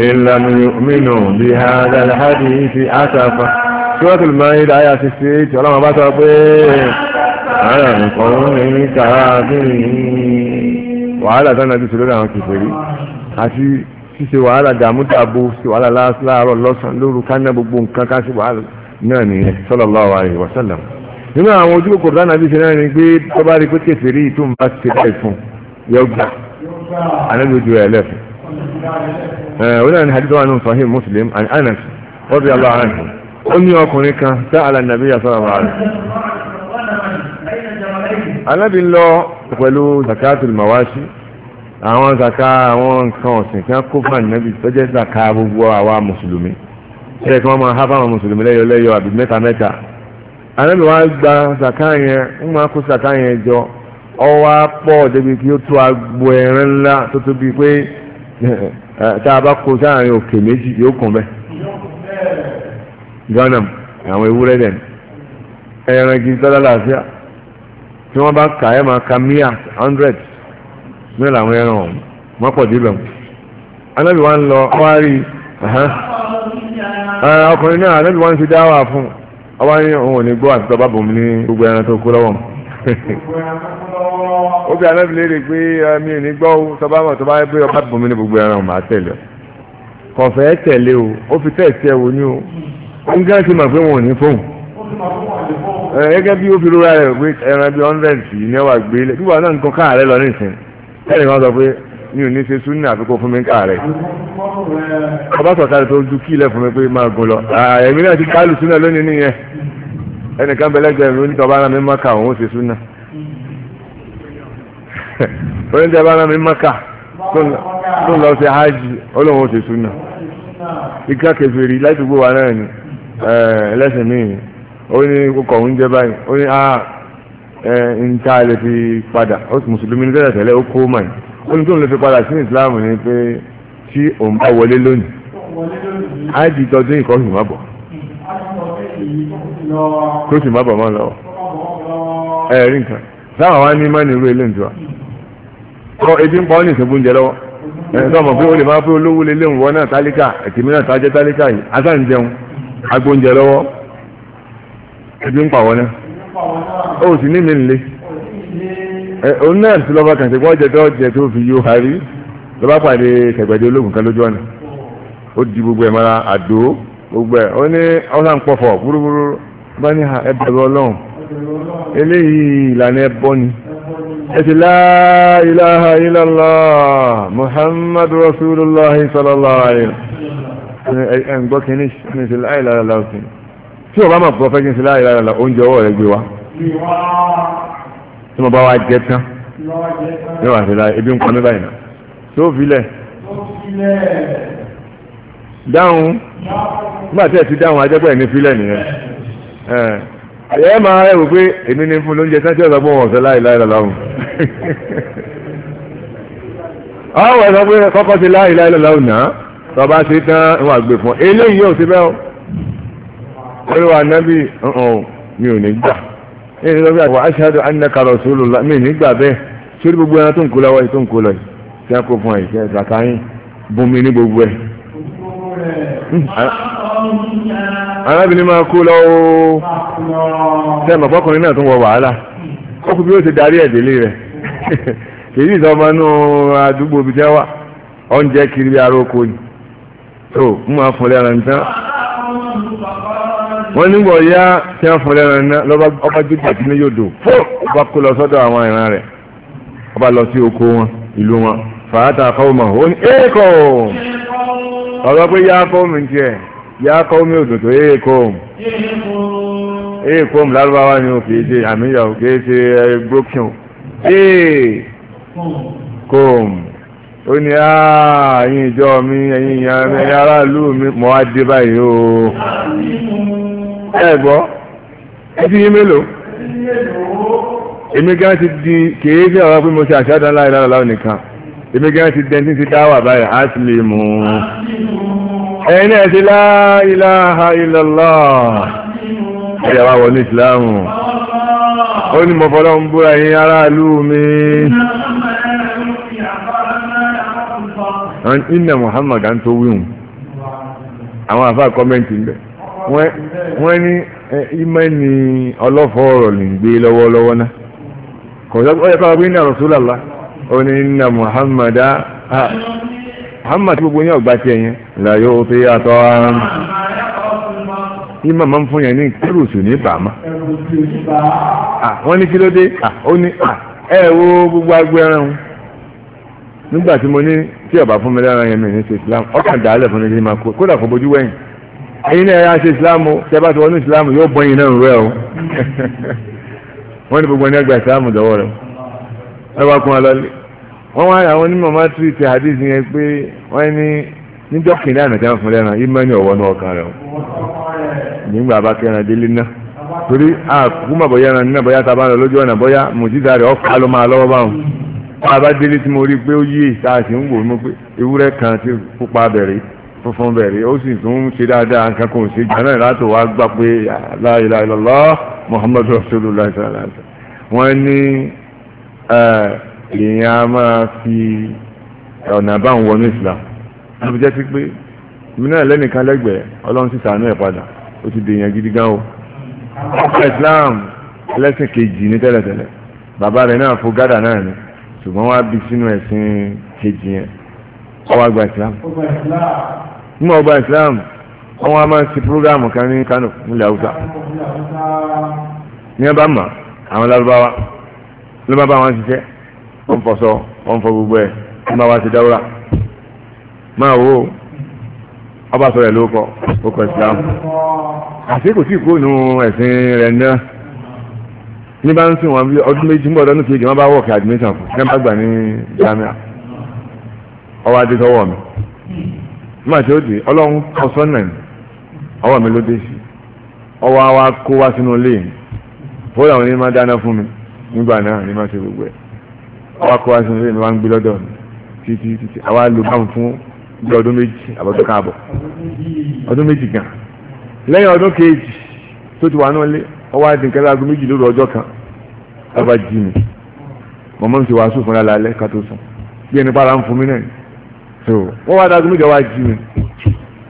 Speaker 1: إن لم يؤمنوا بهذا الحديث أسفا سورة المائدة آية 68 ولما بطر على القوم الكافرين وعلى ذنب سلوك عن كفري àti ṣíṣe wàhálà dàmúdàbò ṣe wàhálà láàárọ̀ lọ́sàn lóru kánà gbogbo nǹkan ká sí wàhálà náà nìyẹn sallallahu alaihi wasallam nínú àwọn ojú kòkòrò dáná bí ṣe náà ni pé tó bá rí pé kèfèrí tó ń bá ṣe báyìí fún yọgbà anábìojú ẹ̀ ọ̀nà eh, ni hadith wa nù sahih muslim and anas radiyallahu anhu ó ní ọkùnrin kan sa'ala an-nabiyya sallallahu alaihi wasallam alábi lọ pẹ̀lú àwọn zaka àwọn nǹkan ọ̀sìn kí wọ́n kó fún ànábì tó jẹ́ zaka gbogbo àwa mùsùlùmí ṣe kí wọ́n máa há fáwọn mùsùlùmí lẹ́yọ lẹ́yọ àbí mẹ́ta mẹ́ta anábì wa gba zaka yẹn ń máa kó zaka yẹn jọ ọwọ́ á pọ̀ débi kí ó tó tá a bá kó sáàrin òkè méjì yóò kàn bẹ́ẹ̀ ghana àwọn ewúrẹ́ dẹ̀ ẹran kì í tọ́lá làásìá tí wọ́n bá kà ẹ́ máa ka mia hundred mẹ́rin làwọn ẹran ọ̀hún wọ́n pọ̀ dé bẹ̀rù anábì wa ń lọ wá rí ọkùnrin náà anábì wa ń ṣe dáwà fún ọwọ́ ní òun ò ní gbọ́ àti tọ́ bá bòm ní gbogbo ẹran tó kú lọ́wọ́ ó bí anábì léèrè pé ah, mi ò ní gbọ́ o tọba mọ̀ tọba pé ọba bùnmi ní gbogbo ẹran màá tẹ̀lé ọ kọ̀fẹ́ tẹ̀lé o ó fi tẹ̀sí ẹ wo ní o ó ń gán sí mà pé wọn ò ní fóun gẹ́gẹ́ bí ó fi rúra rẹ̀ pé ẹran bíi hundred ní ọwà gbé lẹ̀ bíbá náà nǹkan káàárẹ̀ lọ nísìn ẹnì kan sọ pé mi ò ní ṣe súnà àfikún fún mi káàárẹ̀ ọba sọ̀kalẹ̀ tó ju kílẹ̀ fún mi pé máa gun lọ ẹ̀mí náà ti kálù súnà lónìí nìyẹn ẹnìkan oní tẹ́ bá rán mi mọ́kà tó ń lọ sí hajj ọlọ́run ó ṣe súnà ìka kẹfìrí láti gbó wa náà ni eh, ẹlẹ́sìn míì ó ní kọkọ̀ oúnjẹ báyìí ó ní a ah, ń eh, ta ilẹ̀ fi padà ó sì mùsùlùmí ní tẹ́lẹ̀ tẹ́lẹ̀ ó kó mà ní ó ní tóun lè fi padà sí ìsìláàmù ni pé tí òun bá wọlé lónìí hajj tọdún ìkọ́sùn má bọ̀ kó sì má bọ̀ mọ́ lọ ẹ̀rí nǹkan sáwọn wa ní mọ́ni irú ilé ìtura. kọ́ ebi ń pa ọ́ ní ìṣẹ́gun jẹ lọ́wọ́ ẹ̀ sọ ma pé o lè máa pé olówó lè léwu wọn náà tálíkà ebi ń pa wọn náà o sì ní mi nílé ẹ òun náà ti lọ́ba kàn sí pé tó jẹ tó fi harí lọ́ba pàdé ológun kan lójú ọ̀nà ó di gbogbo ẹ̀ àdó gbogbo ẹ̀ ó ní ọ̀sán pọ̀fọ̀ bá ní ọlọ́run eléyìí ìlànà ẹbọ ni. ẹ̀tì la ilaha illallah muhammad rasulullah sallallahu alaihi ẹ̀n gbọ́ kí ní ṣe la ilaha illallah sí tí o bá máa gbọ́ fẹ́ kí n ṣe la ilaha illallah oúnjẹ ọwọ́ rẹ̀ gbé wa tí mo bá wa jẹ tán
Speaker 2: yóò wá sí la ebi ń pa mí báyìí
Speaker 1: náà tó filẹ̀ dáhùn nígbà tí ẹ ti dáhùn ajẹ́gbẹ́ ní filẹ̀ nìyẹn àyẹ́ máa ẹ̀ wò pé èmi ní fún lóúnjẹ sáńtì ọ̀sán fún ọ̀sẹ̀ láìláì lọ́lọ́run ọ̀wọ̀ ẹ̀ sọ pé kọ́kọ́ ti láìláì lọ́lọ́run náà tọba ṣe tán ìwà gbé fún eléyìí yóò ṣe bẹ́ẹ̀ o olùwà nábì mi ò ní gbà ẹni lọ́gbà wà á ṣáájú annaka rasulullah mi ní gbà bẹ́ẹ̀ sórí gbogbo ẹran tó ń kó lọ́wọ́ yìí tó ń kó lọ yìí tí a kó fún ẹ̀ ṣe ṣàkà yín bùnmi ní gbogbo ẹ̀. Hmm arábìnrin máa kú lọ́wọ́ tẹ́mọ̀ fọ́kùnrin náà tún wọ wàhálà ó kú bí ó ti darí ẹ̀dẹ́lé rẹ̀ kìí ìtọ́ ọmọ inú àdúgbò ibi tẹ́wà oúnjẹ kiri bí ara oko ni tó ń máa fún lẹ́ran tán wọ́n nígbà ọ̀yá tí wọ́n fún lẹ́ran náà lọ́ba ọba gbígbà tí yóò dò fún ọba kó lọ sọ́dọ̀ àwọn ìran rẹ̀ ọba lọ sí oko wọn ìlú wọn fàátà kọ́ọ̀mọ̀ ó ní ẹ̀ẹ́kọ̀ọ́ ọ̀rọ̀ pé yá kọ́ọ̀mù tiẹ̀ ya kọ́ mi òdòdó èèkóòm eh, èèkóòm eh, lárúbáwá ni o kìí ṣe àmìyà eh, o kìí ṣe brokion èèkóòm ó ní ààyìn ah, ìjọ mi ẹ̀yìn ìyá aráàlú mi mọ́ á dé báyìí o ẹ gbọ́
Speaker 2: ẹ ti yí mélòó
Speaker 1: èmi gan ti di kìí ṣe ọ̀rọ̀ pé mo ṣe àṣà dánláìlára nìkan èmi gan ti dẹ́ntí ti dáwà báyìí á sì lè mú un. ẹ̀yìn náà ti la ilaha illallah ẹ̀yà wá wọ ní ìsìláàmù
Speaker 2: ó ní mo ń
Speaker 1: búra yín aráàlú mi inna muhammad an tó wíhùn àwọn àfáà kọ́mẹ́ǹtì ń wọ́n ní ni ọlọ́fọ̀ ọ̀rọ̀ lè gbé lọ́wọ́lọ́wọ́ náà kò inna la yóò fi a ní màmá ń fún yẹn ní kéròsì ní bàmá wọ́n ní kí ló dé ó ní ẹ wo gbogbo agbo ẹran o nígbà tí mo ní tí ọba fún mi lára yẹn mi ní ṣe Islam ọkàn dàálẹ̀ fún mi kí n máa kó kódà kó bojú wẹ̀yìn ẹ̀yin náà yà ṣe Islam o tẹ́ bá ti wọnú Islam yóò bọ́ yín náà rẹ o wọ́n ní gbogbo ẹni ẹgbẹ́ Islam dọ́wọ́ rẹ
Speaker 2: ẹ wá kún wa lọ́lẹ̀
Speaker 1: wọ́n wá àwọn onímọ̀ máa tírì ti hadith yẹn níjọ́ kìnìún àná tí wọ́n fún lẹ́ran ìmọ̀ ní ọ̀wọ́ náà ọkàn rẹ̀ o nígbà bá kẹran délé náà torí àkúmọ̀ bọ́yá ẹran náà bọ́yá tábà lọ lójú ọ̀nà bọ́yá mùjíza rẹ̀ ọ̀fà ló máa lọ́wọ́ báwọn tá a bá délé tí mo rí i pé ó yí ìta àti ń wò mí pé ewúrẹ́ kan ti pupa bẹ̀rẹ̀ funfun bẹ̀rẹ̀ ó sì tún ṣe dáadáa nǹkan kò ṣe jù náà látò wá gbà pé la ilaha illallah muhammadu rasulullah sallallahu alaihi wasallam wọ́n ní èèyàn á máa fi ọ̀nà báwọn wọnú islam àbí jẹ́ sí pé èmi náà lẹ́nìkan lẹ́gbẹ̀ẹ́ ọlọ́run sì sàánú ẹ̀ padà ó ti dèèyàn gidi gan o Islam ẹlẹ́sìn kejì ní tẹ́lẹ̀tẹ́lẹ̀ bàbá rẹ̀ náà fún gádà náà ni ṣùgbọ́n wá bí sínú ẹ̀sìn kejì yẹn ọwọ́ àgbà Islam nínú ọgbà Islam àwọn a máa ń ṣe púrógáàmù kan ní Kano nílẹ̀ Haúsá ní ẹ bá mà àwọn lárúbáwá ló bá bá wọn ṣiṣẹ́ wọ́n fọṣọ wọ́n fọ gbogbo ẹ̀ wọ́n bá wá ṣe dáwúrà máa wo ọba sọ̀rọ̀ ló kọ okọ̀ islam àti kò tí ì kóònù ẹ̀sìn rẹ̀ náà ní bá ń sìn wọn bí ọdún méjì ń bọ̀ lọ́nà kejì wọn bá wọ̀kì admission fún ní bá gbà ní jamia ọwọ́ adé sọ́wọ́ mi nígbà tí ó di ọlọ́run kọ sọ́nà ní ọwọ́ mi ló dé sí ọwọ́ wa kó wá sínú ilé yìí fóònù àwọn ènìyàn dáná fún mi nígbà náà ní máa ṣe gbogbo ẹ̀ ọwọ́ kó wá sínú ilé mi wá ń gbé lọ́dọ̀ mi títí títí àwa lò bá fún bí ọdún méjì àbọ̀dún káàbọ̀ ọdún méjì gan lẹ́yìn ọdún kejì tó ti wà náà lé ọwọ́ àti nǹkan láago méjì lóru ọjọ́ kan ọba jí mi mọ̀mọ́ mi ti wàásù fúnra lálẹ́ ká tó sùn bí ẹni para ń fún mi náà ni so wọ́n wá dáago méjì ọwọ́ àjí mi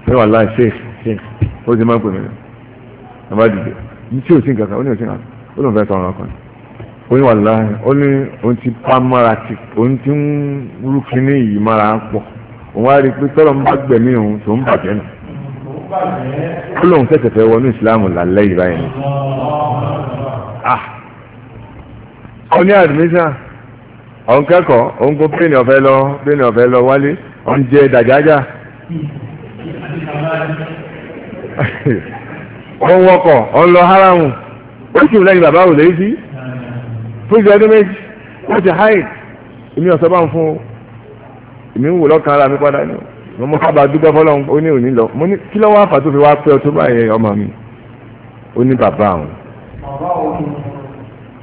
Speaker 1: ṣé wà láì ṣe ṣe ó ti máa ń pè mí náà ọba dìde ní tí ò sí nǹkan kan ó ní ò sí nǹkan kan ó lóun fẹ́ sọ̀rọ̀ ọkùnrin ó ní wàlá ó ní ti pa mára ti òun ti ń rú kinní yìí mára pọ̀ òun á rí i pé tọ́lọ̀ ń bá gbẹ̀mí òun tó ń bàjẹ́ nù ó lóun tẹ̀sẹ̀ fẹ́ wọnú ìsìláàmù lálẹ́ yìí báyìí ni. Ah! ó ní àdìmísà òun kẹ́kọ̀ọ́ òun kó pínnì ọ̀fẹ́ lọ pínnì ọ̀fẹ́ lọ wálé òun jẹ dàjájà òun wọkọ̀ òun lọ haramu ó sì lẹ́yìn bàbá òun lè sí fún ìṣẹ́ ọdún méjì wọ́n ti háì èmi ọ̀sán bá ń fún un èmi ń wò lọ́kàn ara mi padà ni mo mọ kábàá dúpẹ́ fọlọ́run ó ní òní lọ mo ní kí lọ́wọ́ àfà tó fi wá pẹ́ ọtọ́ báyẹn ọmọ mi ó ní bàbá àwọn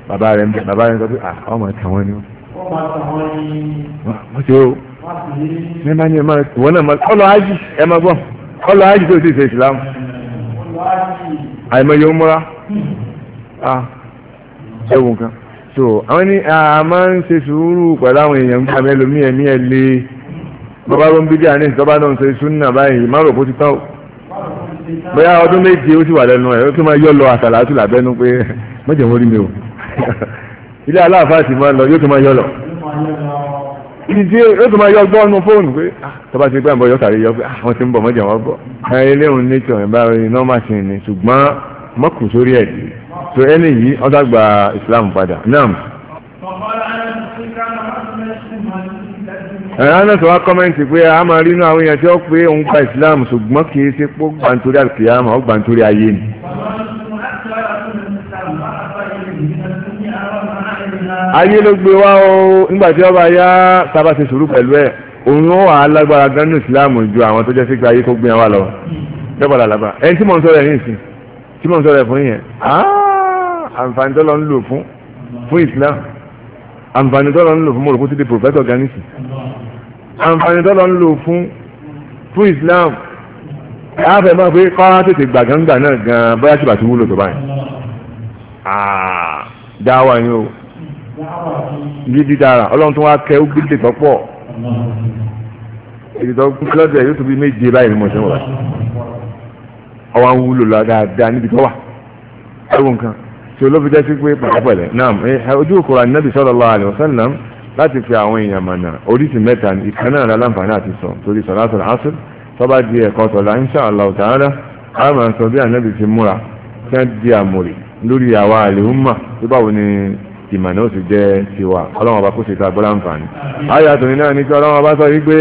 Speaker 1: bàbá rẹ̀ bàbá rẹ̀ sọ pé ah ọmọ ẹ̀ka wọn ni wọ́n ti o ní bá ní ẹ máa wọ́n náà máa kọ́lọ́ ájì ẹ máa gbọ́ kọ́lọ́ ájì tó ti ṣe ìsìlámù àìmọye ó múra ẹ nǹkan so àwọn ní a máa ń ṣe sùúrù pẹ̀lú àwọn èèyàn ń gbà mẹ́lòmí ẹ̀mí ẹ̀ lé bàbá ló ń bí díà ní ìjọba náà ń ṣe súnà báyìí má rò bó ti tán o bóyá ọdún méje ó sì wà lẹ́nu ẹ̀ ó tún máa yọ lọ àtàlátù làbẹ́nu pé mọ̀jẹ̀ wọ́n rí mi o ilé aláàfáà sì máa lọ yóò tún máa yọ lọ ibi tí ó tún máa yọ gbọ́ ọnu fóònù pé ah, tọ́ba ti gbé àbọ̀ yọ kàrí yọ pé àwọn ah, ti ń bọ̀ mọ̀jẹ̀ wọ́n bọ̀ ilé òun ní tọ̀ ìbá rẹ̀ iná máa ṣe ní ṣùgbọ́n mọ́kù sórí ẹ̀ so ẹni yìí ó ẹ̀rọ sọ wá kọ́mẹ́ǹtì pé a máa rí inú àwọn èèyàn tí ó pé òun gba Islam ṣùgbọ́n kì í ṣe pé ó gbà nítorí àkìyàmà ó gbà nítorí ayé ni. ayé ló gbé wá o nígbà tí ọba yá sábà ṣe sùúrù pẹ̀lú ẹ̀ òun ó wà á lágbára gan ní Islam ju àwọn tó jẹ́ sí pé ayé kó gbé wa lọ dọ́gba làlábà ẹni tí mò ń sọ̀rọ̀ ẹ̀ ní ìsìn tí mò ń sọ̀rọ̀ ẹ̀ fún yẹn àǹfààní tó lọ ń lò fún fún Islam àǹfààní tọ́lọ ń lò fún mọ̀rọ̀kú ti di professor ganisi àǹfààní tọ́lọ ń lò fún fún Islam láàfẹ́ máa fi kọ́ tètè gbàgángbà náà gan bóyá tí bàtí wúlò tó báyìí dáwà ni o gidi dára ọlọ́run tó wá kẹ́ ó gbígbé tó pọ̀ èdè tó kún lọ́dọ̀ yóò tó bí méje báyìí ni mo ṣe wọ̀ ọwọ́ wúlò lọ dáadáa níbi tó wà ẹ̀rù nǹkan tí olóbi jẹ́ sí pé pẹ̀lẹ́pẹ̀lẹ́ náà eh, ojú òkúra nàbì sallallahu alaihi wasallam láti fi àwọn èèyàn mọ̀nà oríṣi mẹ́ta ìkan náà la láǹfààní àti sọ torí salatul asr tọ́ba di ẹ̀kọ́ tọ̀la insha Allah ta'ala a máa sọ bí ànábì ti múra kí wọ́n di àmòrè lórí àwa àlèhùnmà tó báwo ni ìmọ̀nà ó sì jẹ́ tiwa ọlọ́run ọba kó ṣe ta gbọ́dọ̀ àǹfààní. ayé àtòyìn náà ní kí ọlọ́run ọba sọ yí pé.